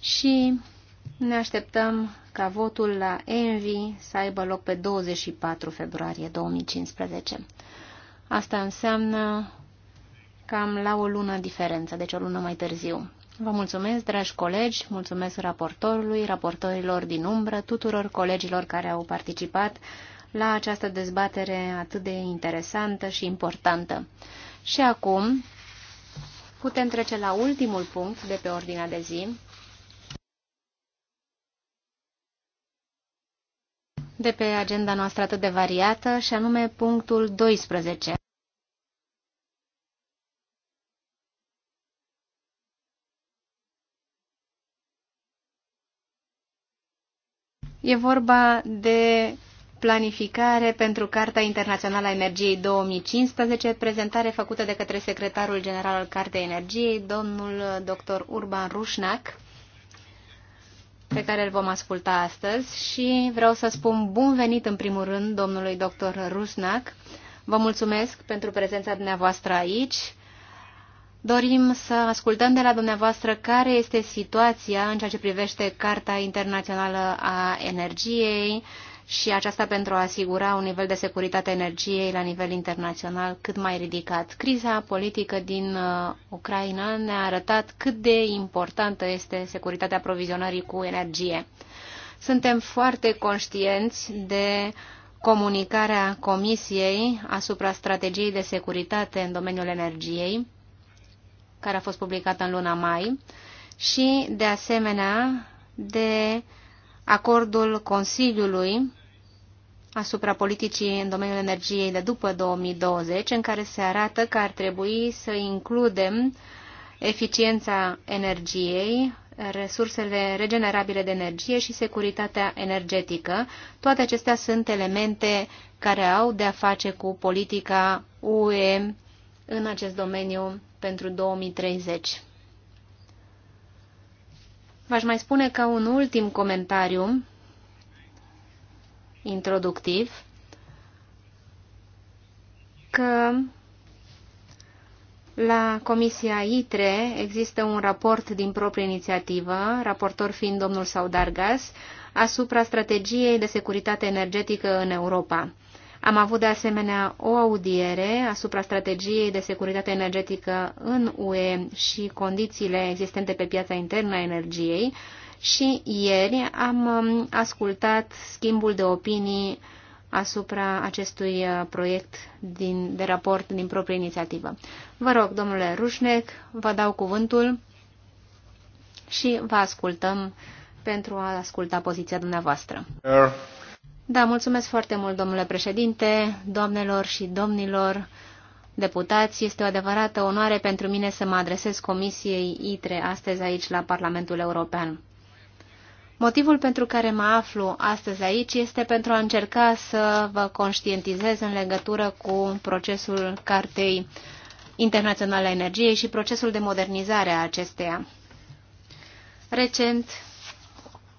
și ne așteptăm ca votul la ENVI să aibă loc pe 24 februarie 2015. Asta înseamnă cam la o lună diferență, deci o lună mai târziu. Vă mulțumesc, dragi colegi, mulțumesc raportorului, raportorilor din umbră, tuturor colegilor care au participat la această dezbatere atât de interesantă și importantă. Și acum putem trece la ultimul punct de pe ordinea de zi. de pe agenda noastră atât de variată, și anume punctul 12. E vorba de planificare pentru Carta Internațională a Energiei 2015, prezentare făcută de către secretarul general al Cartei Energiei, domnul dr. Urban Rușnac, pe care îl vom asculta astăzi și vreau să spun bun venit în primul rând domnului dr. Rușnac. Vă mulțumesc pentru prezența dumneavoastră aici. Dorim să ascultăm de la dumneavoastră care este situația în ceea ce privește Carta Internațională a Energiei și aceasta pentru a asigura un nivel de securitate energiei la nivel internațional cât mai ridicat. Criza politică din uh, Ucraina ne-a arătat cât de importantă este securitatea aprovizionării cu energie. Suntem foarte conștienți de comunicarea Comisiei asupra strategiei de securitate în domeniul energiei, care a fost publicată în luna mai, și, de asemenea, de acordul Consiliului asupra politicii în domeniul energiei de după 2020, în care se arată că ar trebui să includem eficiența energiei, resursele regenerabile de energie și securitatea energetică. Toate acestea sunt elemente care au de-a face cu politica UE în acest domeniu pentru 2030. V-aș mai spune ca un ultim comentariu introductiv că la Comisia ITRE există un raport din proprie inițiativă, raportor fiind domnul Saudargas, asupra strategiei de securitate energetică în Europa. Am avut de asemenea o audiere asupra strategiei de securitate energetică în UE și condițiile existente pe piața internă a energiei și ieri am um, ascultat schimbul de opinii asupra acestui uh, proiect din, de raport din proprie inițiativă. Vă rog, domnule Rușnec, vă dau cuvântul și vă ascultăm pentru a asculta poziția dumneavoastră. Da, mulțumesc foarte mult, domnule președinte, doamnelor și domnilor deputați. Este o adevărată onoare pentru mine să mă adresez Comisiei ITRE astăzi aici la Parlamentul European. Motivul pentru care mă aflu astăzi aici este pentru a încerca să vă conștientizez în legătură cu procesul Cartei Internaționale a Energiei și procesul de modernizare a acesteia. Recent,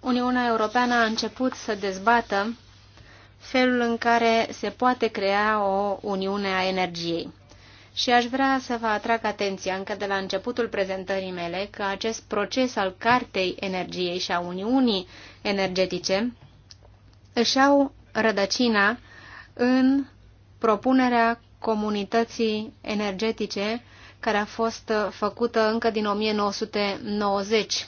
Uniunea Europeană a început să dezbată felul în care se poate crea o uniune a energiei. Și aș vrea să vă atrag atenția încă de la începutul prezentării mele că acest proces al Cartei Energiei și a Uniunii Energetice își au rădăcina în propunerea comunității energetice care a fost făcută încă din 1990.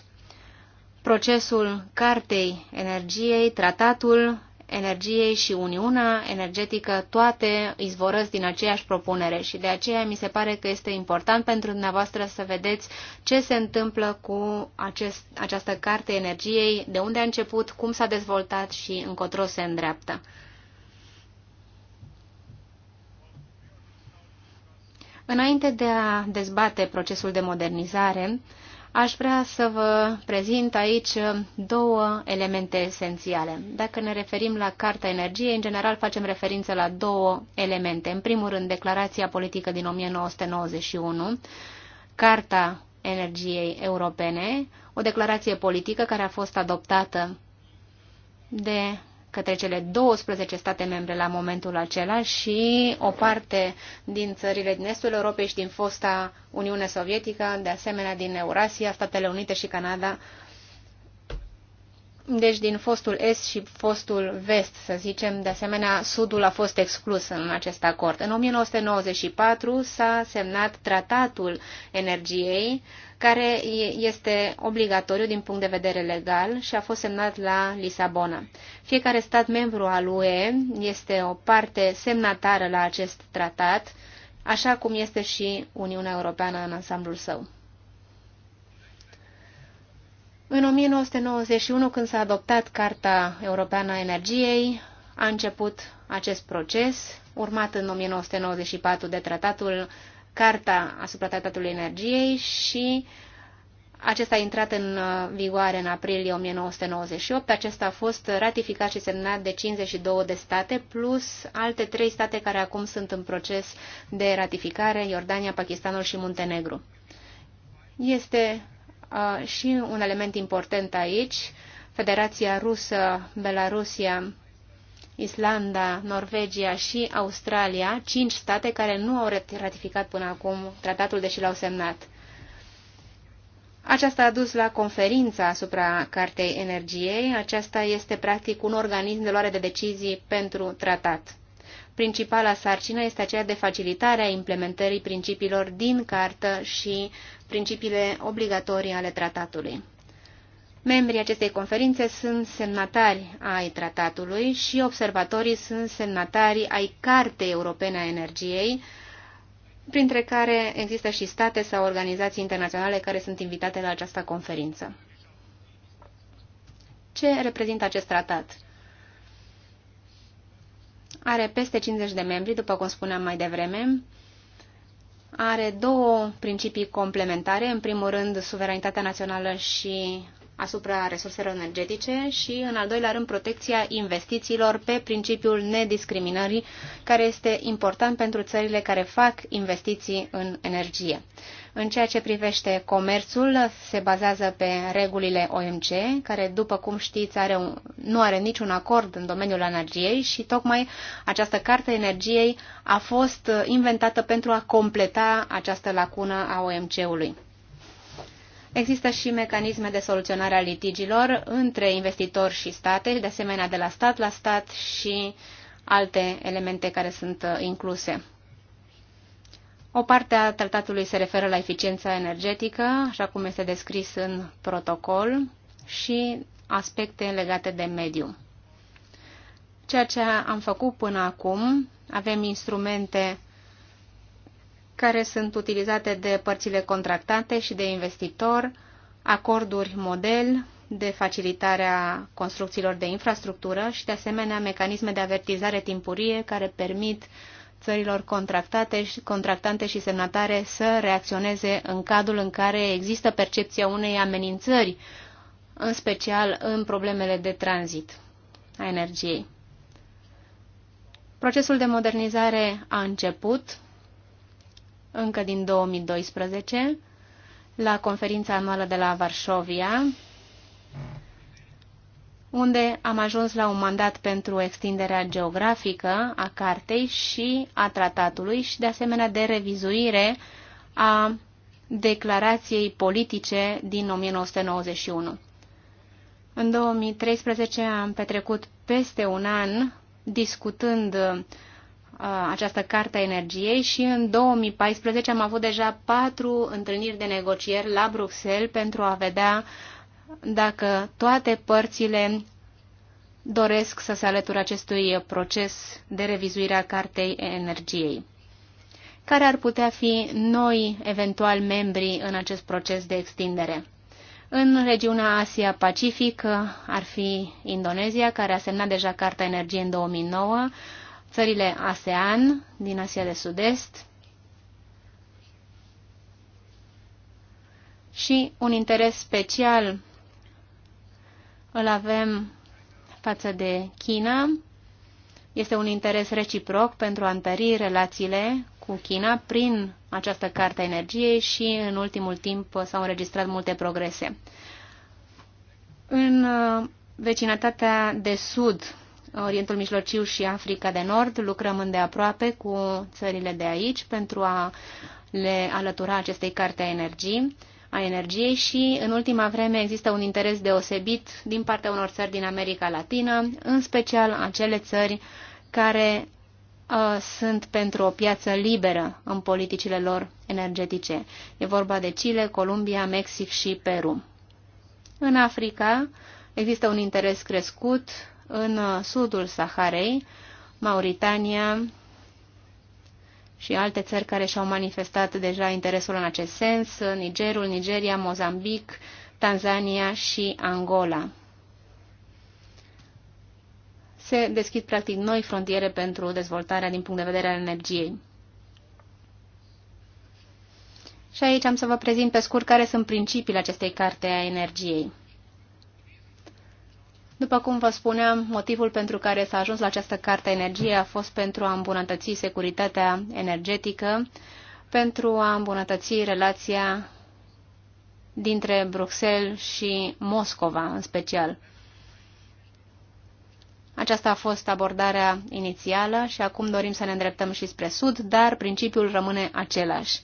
Procesul Cartei Energiei, tratatul energiei și Uniunea energetică toate izvorăți din aceeași propunere și de aceea mi se pare că este important pentru dumneavoastră să vedeți ce se întâmplă cu acest, această carte energiei, de unde a început, cum s-a dezvoltat și încotro se îndreaptă. Înainte de a dezbate procesul de modernizare, Aș vrea să vă prezint aici două elemente esențiale. Dacă ne referim la Carta Energiei, în general facem referință la două elemente. În primul rând, declarația politică din 1991, Carta Energiei Europene, o declarație politică care a fost adoptată de către cele 12 state membre la momentul acela și o parte din țările din estul Europei și din fosta Uniune Sovietică, de asemenea din Eurasia, Statele Unite și Canada, deci din fostul est și fostul vest, să zicem, de asemenea, sudul a fost exclus în acest acord. În 1994 s-a semnat tratatul energiei, care este obligatoriu din punct de vedere legal și a fost semnat la Lisabona. Fiecare stat membru al UE este o parte semnatară la acest tratat, așa cum este și Uniunea Europeană în ansamblul său. În 1991, când s-a adoptat Carta Europeană a Energiei, a început acest proces, urmat în 1994 de tratatul Carta asupra Tratatului Energiei și acesta a intrat în uh, vigoare în aprilie 1998. Acesta a fost ratificat și semnat de 52 de state, plus alte trei state care acum sunt în proces de ratificare, Iordania, Pakistanul și Muntenegru. Este Uh, și un element important aici, Federația Rusă, Belarusia, Islanda, Norvegia și Australia, cinci state care nu au ratificat până acum tratatul, deși l-au semnat. Aceasta a dus la conferința asupra Cartei Energiei. Aceasta este practic un organism de luare de decizii pentru tratat. Principala sarcină este aceea de facilitare a implementării principiilor din cartă și principiile obligatorii ale tratatului. Membrii acestei conferințe sunt semnatari ai tratatului și observatorii sunt semnatari ai Cartei Europene a Energiei, printre care există și state sau organizații internaționale care sunt invitate la această conferință. Ce reprezintă acest tratat? Are peste 50 de membri, după cum spuneam mai devreme, are două principii complementare. În primul rând, suveranitatea națională și asupra resurselor energetice și, în al doilea rând, protecția investițiilor pe principiul nediscriminării, care este important pentru țările care fac investiții în energie. În ceea ce privește comerțul, se bazează pe regulile OMC, care, după cum știți, are un, nu are niciun acord în domeniul energiei și tocmai această carte energiei a fost inventată pentru a completa această lacună a OMC-ului. Există și mecanisme de soluționare a litigilor între investitori și state, de asemenea de la stat la stat și alte elemente care sunt uh, incluse. O parte a tratatului se referă la eficiența energetică, așa cum este descris în protocol, și aspecte legate de mediu. Ceea ce am făcut până acum, avem instrumente care sunt utilizate de părțile contractante și de investitor, acorduri model de facilitarea construcțiilor de infrastructură și, de asemenea, mecanisme de avertizare timpurie care permit țărilor contractate și, contractante și semnatare să reacționeze în cadrul în care există percepția unei amenințări, în special în problemele de tranzit a energiei. Procesul de modernizare a început încă din 2012, la conferința anuală de la Varșovia, unde am ajuns la un mandat pentru extinderea geografică a cartei și a tratatului și, de asemenea, de revizuire a declarației politice din 1991. În 2013 am petrecut peste un an discutând Uh, această carte a energiei și în 2014 am avut deja patru întâlniri de negocieri la Bruxelles pentru a vedea dacă toate părțile doresc să se alăture acestui proces de revizuire a Cartei Energiei. Care ar putea fi noi, eventual, membri în acest proces de extindere? În regiunea Asia-Pacific uh, ar fi Indonezia, care a semnat deja Carta Energiei în 2009, țările ASEAN din Asia de Sud-Est și un interes special îl avem față de China. Este un interes reciproc pentru a întări relațiile cu China prin această carte a energiei și în ultimul timp s-au înregistrat multe progrese. În uh, vecinătatea de sud Orientul Mijlociu și Africa de Nord. Lucrăm îndeaproape cu țările de aici pentru a le alătura acestei carte a energiei a energiei și în ultima vreme există un interes deosebit din partea unor țări din America Latină, în special acele țări care uh, sunt pentru o piață liberă în politicile lor energetice. E vorba de Chile, Columbia, Mexic și Peru. În Africa există un interes crescut în uh, sudul Saharei, Mauritania și alte țări care și-au manifestat deja interesul în acest sens, uh, Nigerul, Nigeria, Mozambic, Tanzania și Angola. Se deschid practic noi frontiere pentru dezvoltarea din punct de vedere al energiei. Și aici am să vă prezint pe scurt care sunt principiile acestei carte a energiei. După cum vă spuneam, motivul pentru care s-a ajuns la această carte energie a fost pentru a îmbunătăți securitatea energetică, pentru a îmbunătăți relația dintre Bruxelles și Moscova în special. Aceasta a fost abordarea inițială și acum dorim să ne îndreptăm și spre sud, dar principiul rămâne același.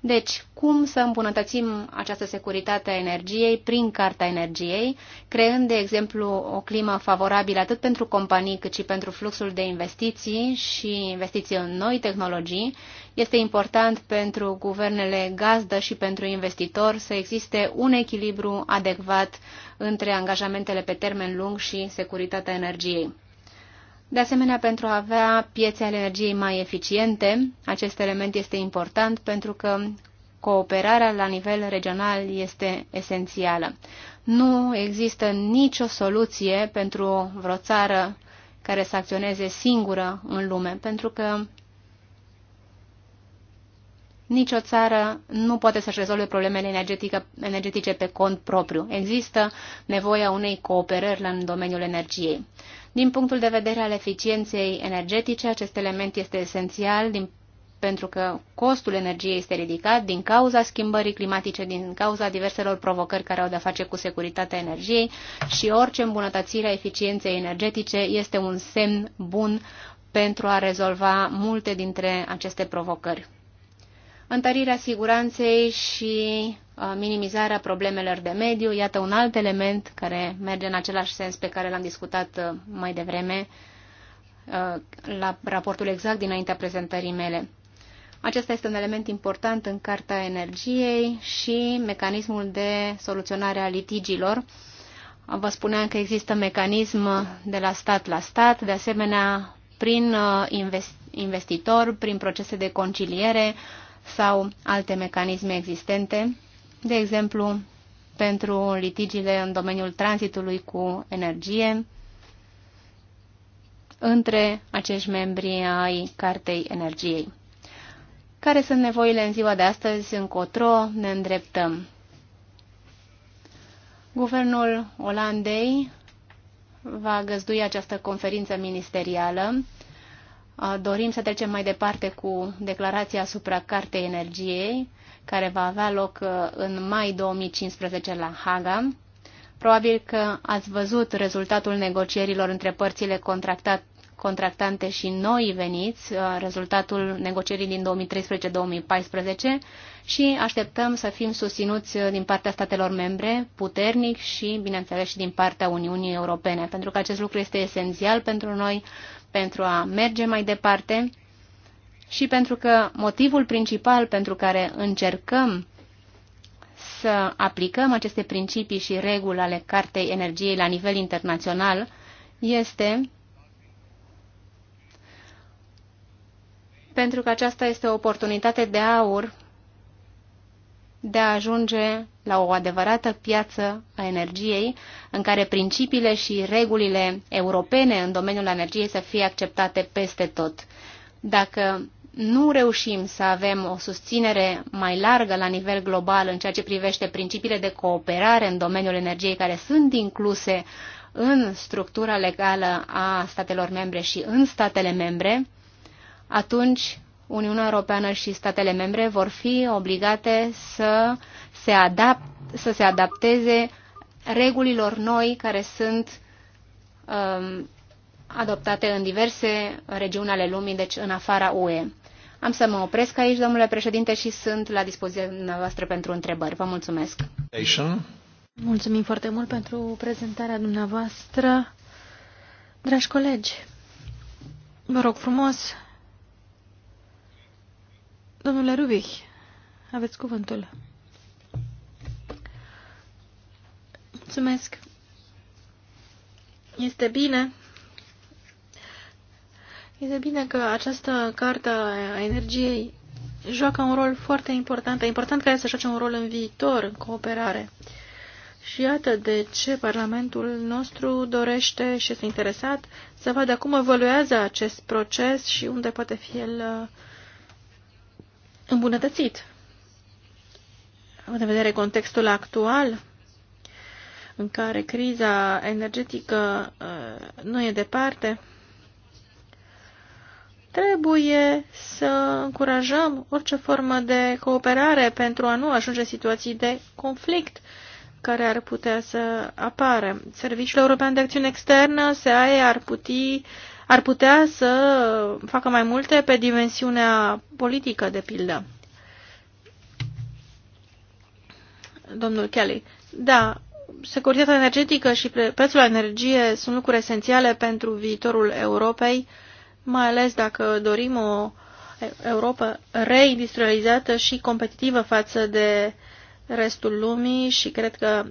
Deci, cum să îmbunătățim această securitate a energiei prin Carta Energiei, creând, de exemplu, o climă favorabilă atât pentru companii cât și pentru fluxul de investiții și investiții în noi tehnologii, este important pentru guvernele gazdă și pentru investitor să existe un echilibru adecvat între angajamentele pe termen lung și securitatea energiei. De asemenea, pentru a avea piețe ale energiei mai eficiente, acest element este important pentru că cooperarea la nivel regional este esențială. Nu există nicio soluție pentru vreo țară care să acționeze singură în lume, pentru că nicio țară nu poate să-și rezolve problemele energetice pe cont propriu. Există nevoia unei cooperări în domeniul energiei. Din punctul de vedere al eficienței energetice, acest element este esențial din, pentru că costul energiei este ridicat din cauza schimbării climatice, din cauza diverselor provocări care au de-a face cu securitatea energiei și orice îmbunătățire a eficienței energetice este un semn bun pentru a rezolva multe dintre aceste provocări. Întărirea siguranței și Uh, minimizarea problemelor de mediu. Iată un alt element care merge în același sens pe care l-am discutat uh, mai devreme uh, la raportul exact dinaintea prezentării mele. Acesta este un element important în Carta Energiei și mecanismul de soluționare a litigilor. Vă spuneam că există mecanism de la stat la stat, de asemenea prin investitor, prin procese de conciliere sau alte mecanisme existente de exemplu, pentru litigiile în domeniul tranzitului cu energie între acești membri ai Cartei Energiei. Care sunt nevoile în ziua de astăzi, încotro ne îndreptăm? Guvernul Olandei va găzdui această conferință ministerială. Dorim să trecem mai departe cu declarația asupra Cartei Energiei, care va avea loc uh, în mai 2015 la Haga. Probabil că ați văzut rezultatul negocierilor între părțile contractat, contractante și noi veniți, uh, rezultatul negocierii din 2013-2014 și așteptăm să fim susținuți uh, din partea statelor membre puternic și, bineînțeles, și din partea Uniunii Europene, pentru că acest lucru este esențial pentru noi pentru a merge mai departe și pentru că motivul principal pentru care încercăm să aplicăm aceste principii și reguli ale Cartei Energiei la nivel internațional este pentru că aceasta este o oportunitate de aur de a ajunge la o adevărată piață a energiei, în care principiile și regulile europene în domeniul energiei să fie acceptate peste tot. Dacă nu reușim să avem o susținere mai largă la nivel global în ceea ce privește principiile de cooperare în domeniul energiei care sunt incluse în structura legală a statelor membre și în statele membre, atunci Uniunea Europeană și statele membre vor fi obligate să se, adapt, să se adapteze regulilor noi care sunt um, adoptate în diverse regiuni ale lumii, deci în afara UE. Am să mă opresc aici, domnule președinte, și sunt la dispoziția noastră pentru întrebări. Vă mulțumesc. Mulțumim foarte mult pentru prezentarea dumneavoastră. Dragi colegi, vă rog frumos, domnule Rubich, aveți cuvântul. Mulțumesc. Este bine este bine că această carte a energiei joacă un rol foarte important, e important care să joace un rol în viitor, în cooperare. Și iată de ce Parlamentul nostru dorește și este interesat să vadă cum evoluează acest proces și unde poate fi el uh, îmbunătățit. Având în vedere contextul actual, în care criza energetică uh, nu e departe, Trebuie să încurajăm orice formă de cooperare pentru a nu ajunge situații de conflict care ar putea să apară. Serviciul European de Acțiune Externă, SAE, ar, puti, ar putea să facă mai multe pe dimensiunea politică, de pildă. Domnul Kelly. Da, securitatea energetică și prețul la energie sunt lucruri esențiale pentru viitorul Europei mai ales dacă dorim o Europa reindustrializată și competitivă față de restul lumii și cred că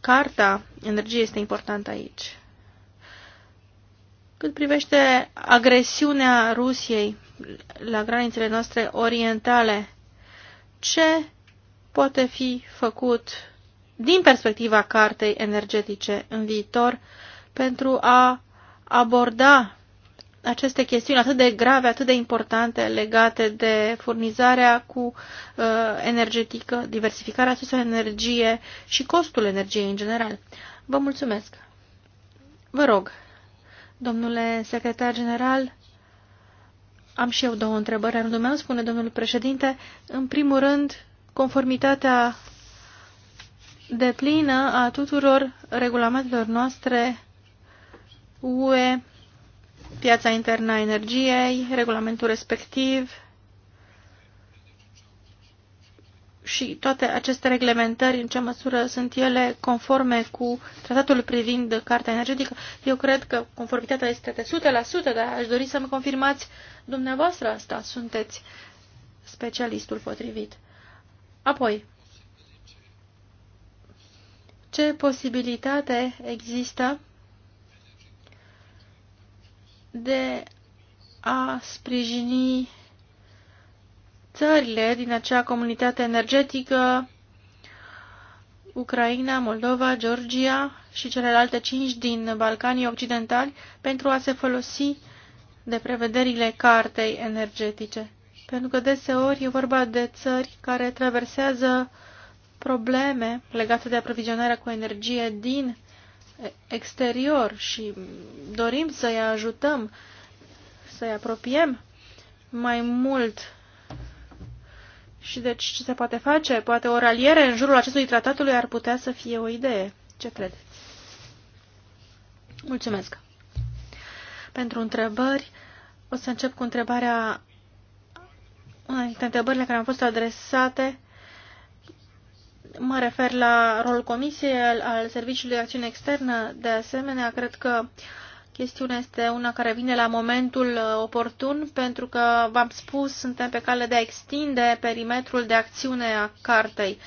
carta energiei este importantă aici. Cât privește agresiunea Rusiei la granițele noastre orientale, ce poate fi făcut din perspectiva cartei energetice în viitor pentru a aborda aceste chestiuni atât de grave, atât de importante legate de furnizarea cu uh, energetică, diversificarea surselor energie și costul energiei în general. Vă mulțumesc. Vă rog, domnule secretar general, am și eu două întrebări în rândul meu, spune domnul președinte. În primul rând, conformitatea deplină a tuturor regulamentelor noastre UE piața internă a energiei, regulamentul respectiv și toate aceste reglementări, în ce măsură sunt ele conforme cu tratatul privind cartea Energetică. Eu cred că conformitatea este de 100%, dar aș dori să-mi confirmați dumneavoastră asta. Sunteți specialistul potrivit. Apoi, ce posibilitate există de a sprijini țările din acea comunitate energetică, Ucraina, Moldova, Georgia și celelalte cinci din Balcanii Occidentali, pentru a se folosi de prevederile cartei energetice. Pentru că deseori e vorba de țări care traversează probleme legate de aprovizionarea cu energie din exterior și dorim să-i ajutăm, să-i apropiem mai mult. Și deci ce se poate face? Poate o raliere în jurul acestui tratatului ar putea să fie o idee. Ce credeți? Mulțumesc pentru întrebări. O să încep cu întrebarea una dintre întrebările care am fost adresate Mă refer la rolul comisiei al, al Serviciului de Acțiune Externă. De asemenea, cred că chestiunea este una care vine la momentul uh, oportun, pentru că, v-am spus, suntem pe cale de a extinde perimetrul de acțiune a cartei.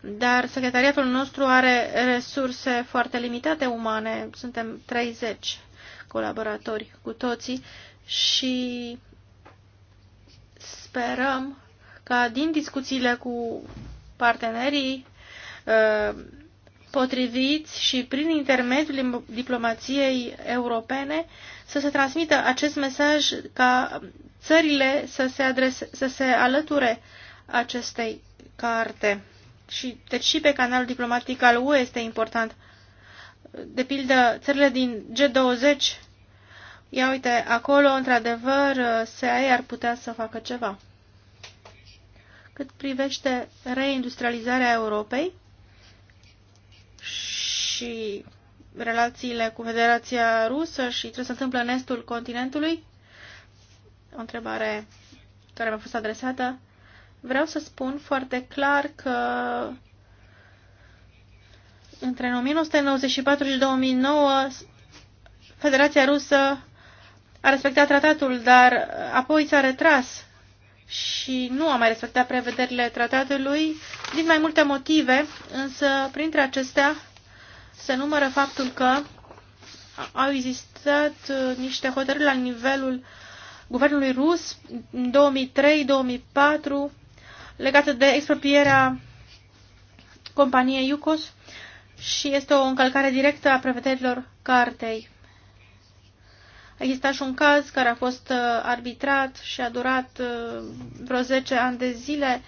Dar secretariatul nostru are resurse foarte limitate umane. Suntem 30 colaboratori cu toții și sperăm ca din discuțiile cu partenerii Uh, potriviți și prin intermediul diplomației europene să se transmită acest mesaj ca țările să se, adrese, să se alăture acestei carte. Și, deci și pe canalul diplomatic al UE este important. De pildă, țările din G20, ia uite, acolo, într-adevăr, SEA ar putea să facă ceva. Cât privește reindustrializarea Europei, și relațiile cu Federația Rusă și ce se întâmplă în estul continentului? O întrebare care mi-a fost adresată. Vreau să spun foarte clar că între 1994 și 2009 Federația Rusă a respectat tratatul, dar apoi s-a retras și nu a mai respectat prevederile tratatului din mai multe motive, însă printre acestea se numără faptul că au existat uh, niște hotărâri la nivelul guvernului rus în 2003-2004 legate de expropierea companiei Yukos și este o încălcare directă a prevederilor cartei. A existat și un caz care a fost uh, arbitrat și a durat uh, vreo 10 ani de zile.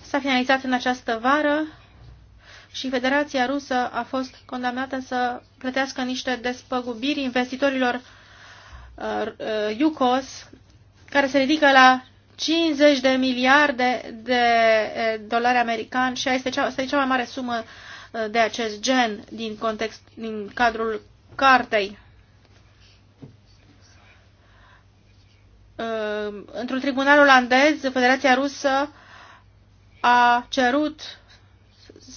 S-a finalizat în această vară și Federația Rusă a fost condamnată să plătească niște despăgubiri investitorilor Yukos, uh, care se ridică la 50 de miliarde de uh, dolari americani și este cea, este cea mai mare sumă uh, de acest gen din, context, din cadrul cartei. Într-un tribunal olandez, Federația Rusă a cerut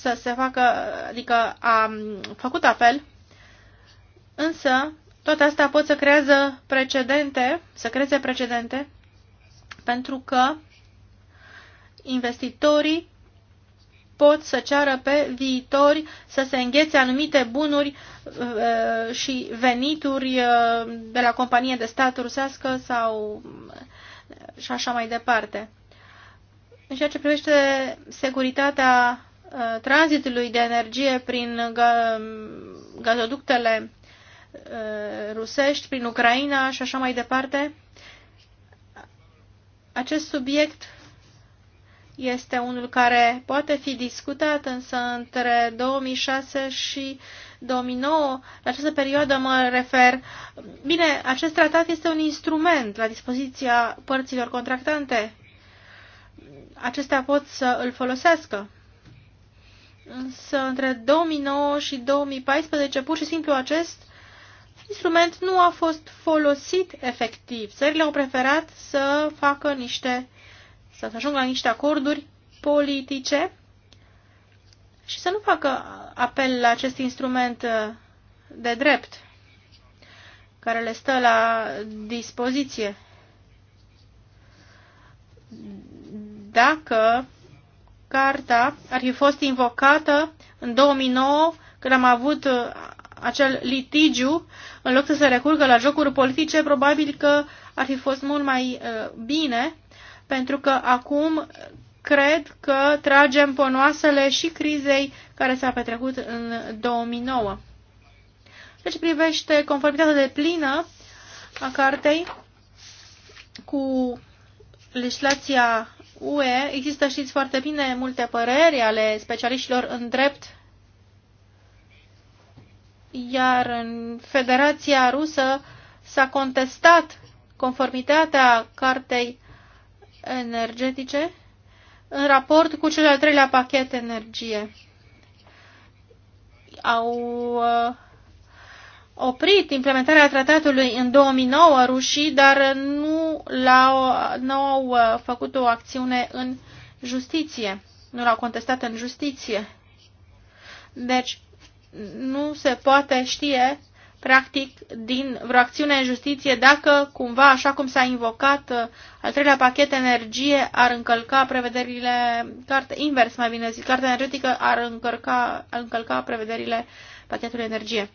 să se facă, adică a făcut apel, însă toate astea pot să creează precedente, să creeze precedente, pentru că investitorii pot să ceară pe viitori să se înghețe anumite bunuri uh, și venituri uh, de la companie de stat rusească sau uh, și așa mai departe. În ceea ce privește securitatea Uh, tranzitului de energie prin gazoductele uh, rusești, prin Ucraina și așa mai departe. Acest subiect este unul care poate fi discutat, însă între 2006 și 2009, la această perioadă mă refer. Bine, acest tratat este un instrument la dispoziția părților contractante. Acestea pot să îl folosească. Însă între 2009 și 2014 pur și simplu acest instrument nu a fost folosit efectiv. Țările au preferat să facă niște, să ajungă la niște acorduri politice și să nu facă apel la acest instrument uh, de drept care le stă la dispoziție. Dacă carta ar fi fost invocată în 2009 când am avut uh, acel litigiu, în loc să se recurgă la jocuri politice, probabil că ar fi fost mult mai uh, bine, pentru că acum cred că tragem ponoasele și crizei care s-a petrecut în 2009. Deci privește conformitatea de plină a cartei cu legislația UE există, știți foarte bine, multe păreri ale specialiștilor în drept, iar în Federația Rusă s-a contestat conformitatea cartei energetice în raport cu cel al treilea pachet energie. Au uh, oprit implementarea tratatului în 2009 rușii, dar nu, l-au, nu au uh, făcut o acțiune în justiție, nu l-au contestat în justiție. Deci nu se poate știe practic din vreo acțiune în justiție dacă cumva, așa cum s-a invocat, uh, al treilea pachet energie ar încălca prevederile, carte, invers mai bine zis, cartea energetică ar încălca, ar încălca prevederile pachetului energie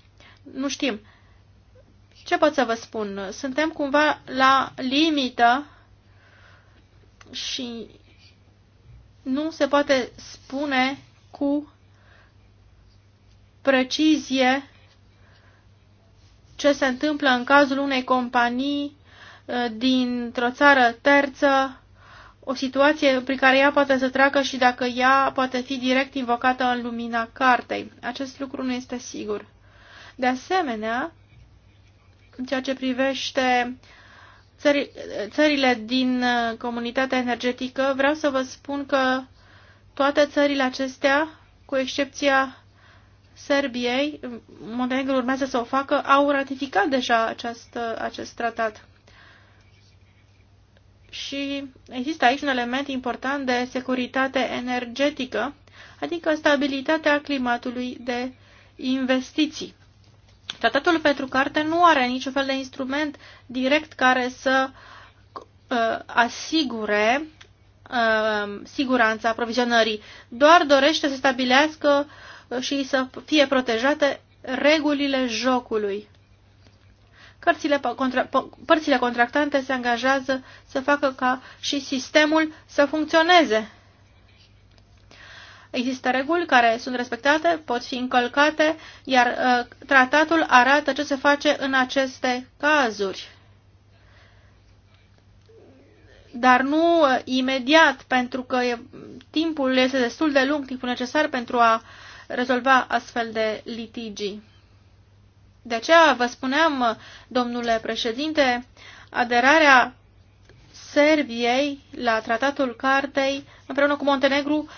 nu știm. Ce pot să vă spun? Suntem cumva la limită și nu se poate spune cu precizie ce se întâmplă în cazul unei companii uh, dintr-o țară terță, o situație prin care ea poate să treacă și dacă ea poate fi direct invocată în lumina cartei. Acest lucru nu este sigur. De asemenea, în ceea ce privește țări, țările din uh, comunitatea energetică, vreau să vă spun că toate țările acestea, cu excepția Serbiei, Montenegro urmează să o facă, au ratificat deja acest, acest tratat. Și există aici un element important de securitate energetică, adică stabilitatea climatului de investiții. Tratatul pentru carte nu are niciun fel de instrument direct care să uh, asigure uh, siguranța aprovizionării. Doar dorește să stabilească uh, și să fie protejate regulile jocului. Cărțile contra, părțile contractante se angajează să facă ca și sistemul să funcționeze Există reguli care sunt respectate, pot fi încălcate, iar uh, tratatul arată ce se face în aceste cazuri. Dar nu uh, imediat, pentru că e, timpul este destul de lung, timpul necesar pentru a rezolva astfel de litigii. De aceea vă spuneam, uh, domnule președinte, aderarea Serbiei la tratatul cartei împreună cu Montenegru uh,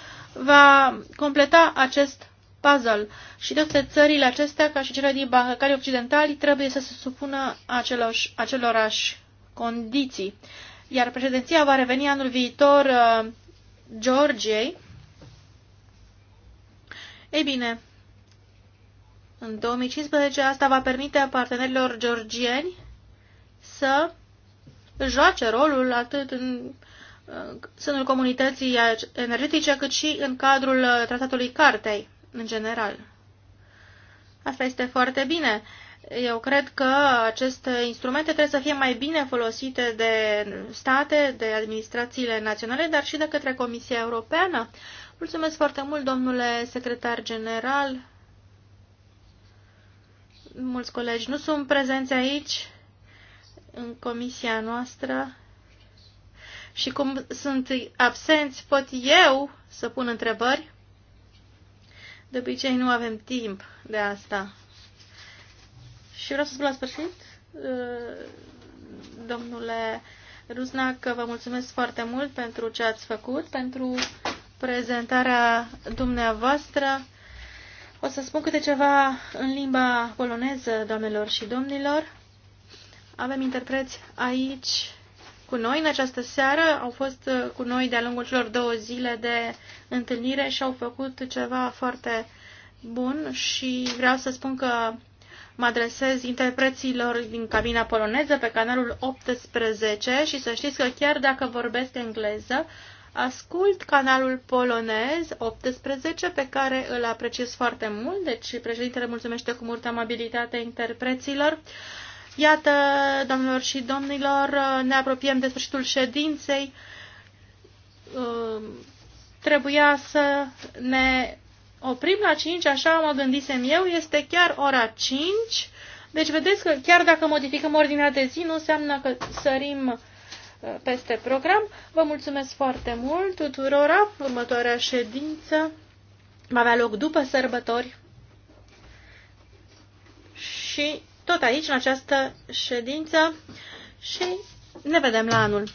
va completa acest puzzle și toate țările acestea, ca și cele din Balcanii Occidentali, trebuie să se supună aceloși, acelorași condiții. Iar președinția va reveni anul viitor uh, Georgiei. Ei bine, în 2015 asta va permite partenerilor georgieni să joace rolul atât în sânul comunității energetice, cât și în cadrul uh, tratatului cartei, în general. Asta este foarte bine. Eu cred că aceste instrumente trebuie să fie mai bine folosite de state, de administrațiile naționale, dar și de către Comisia Europeană. Mulțumesc foarte mult, domnule secretar general. Mulți colegi nu sunt prezenți aici, în comisia noastră și cum sunt absenți, pot eu să pun întrebări? De obicei nu avem timp de asta. Și vreau să spun la sfârșit, uh, domnule că vă mulțumesc foarte mult pentru ce ați făcut, pentru prezentarea dumneavoastră. O să spun câte ceva în limba poloneză, doamnelor și domnilor. Avem interpreți aici cu noi în această seară, au fost uh, cu noi de-a lungul celor două zile de întâlnire și au făcut ceva foarte bun și vreau să spun că mă adresez interpreților din cabina poloneză pe canalul 18 și să știți că chiar dacă vorbesc engleză, ascult canalul polonez 18 pe care îl apreciez foarte mult, deci președintele mulțumește cu multă amabilitate interpreților. Uh, Iată, domnilor și domnilor, ne apropiem de sfârșitul ședinței. Ehm, trebuia să ne oprim la 5, așa mă gândisem eu, este chiar ora 5. Deci vedeți că chiar dacă modificăm ordinea de zi, nu înseamnă că sărim eh, peste program. Vă mulțumesc foarte mult tuturora. Următoarea ședință va avea loc după sărbători. Și tot aici, în această ședință și ne vedem la anul.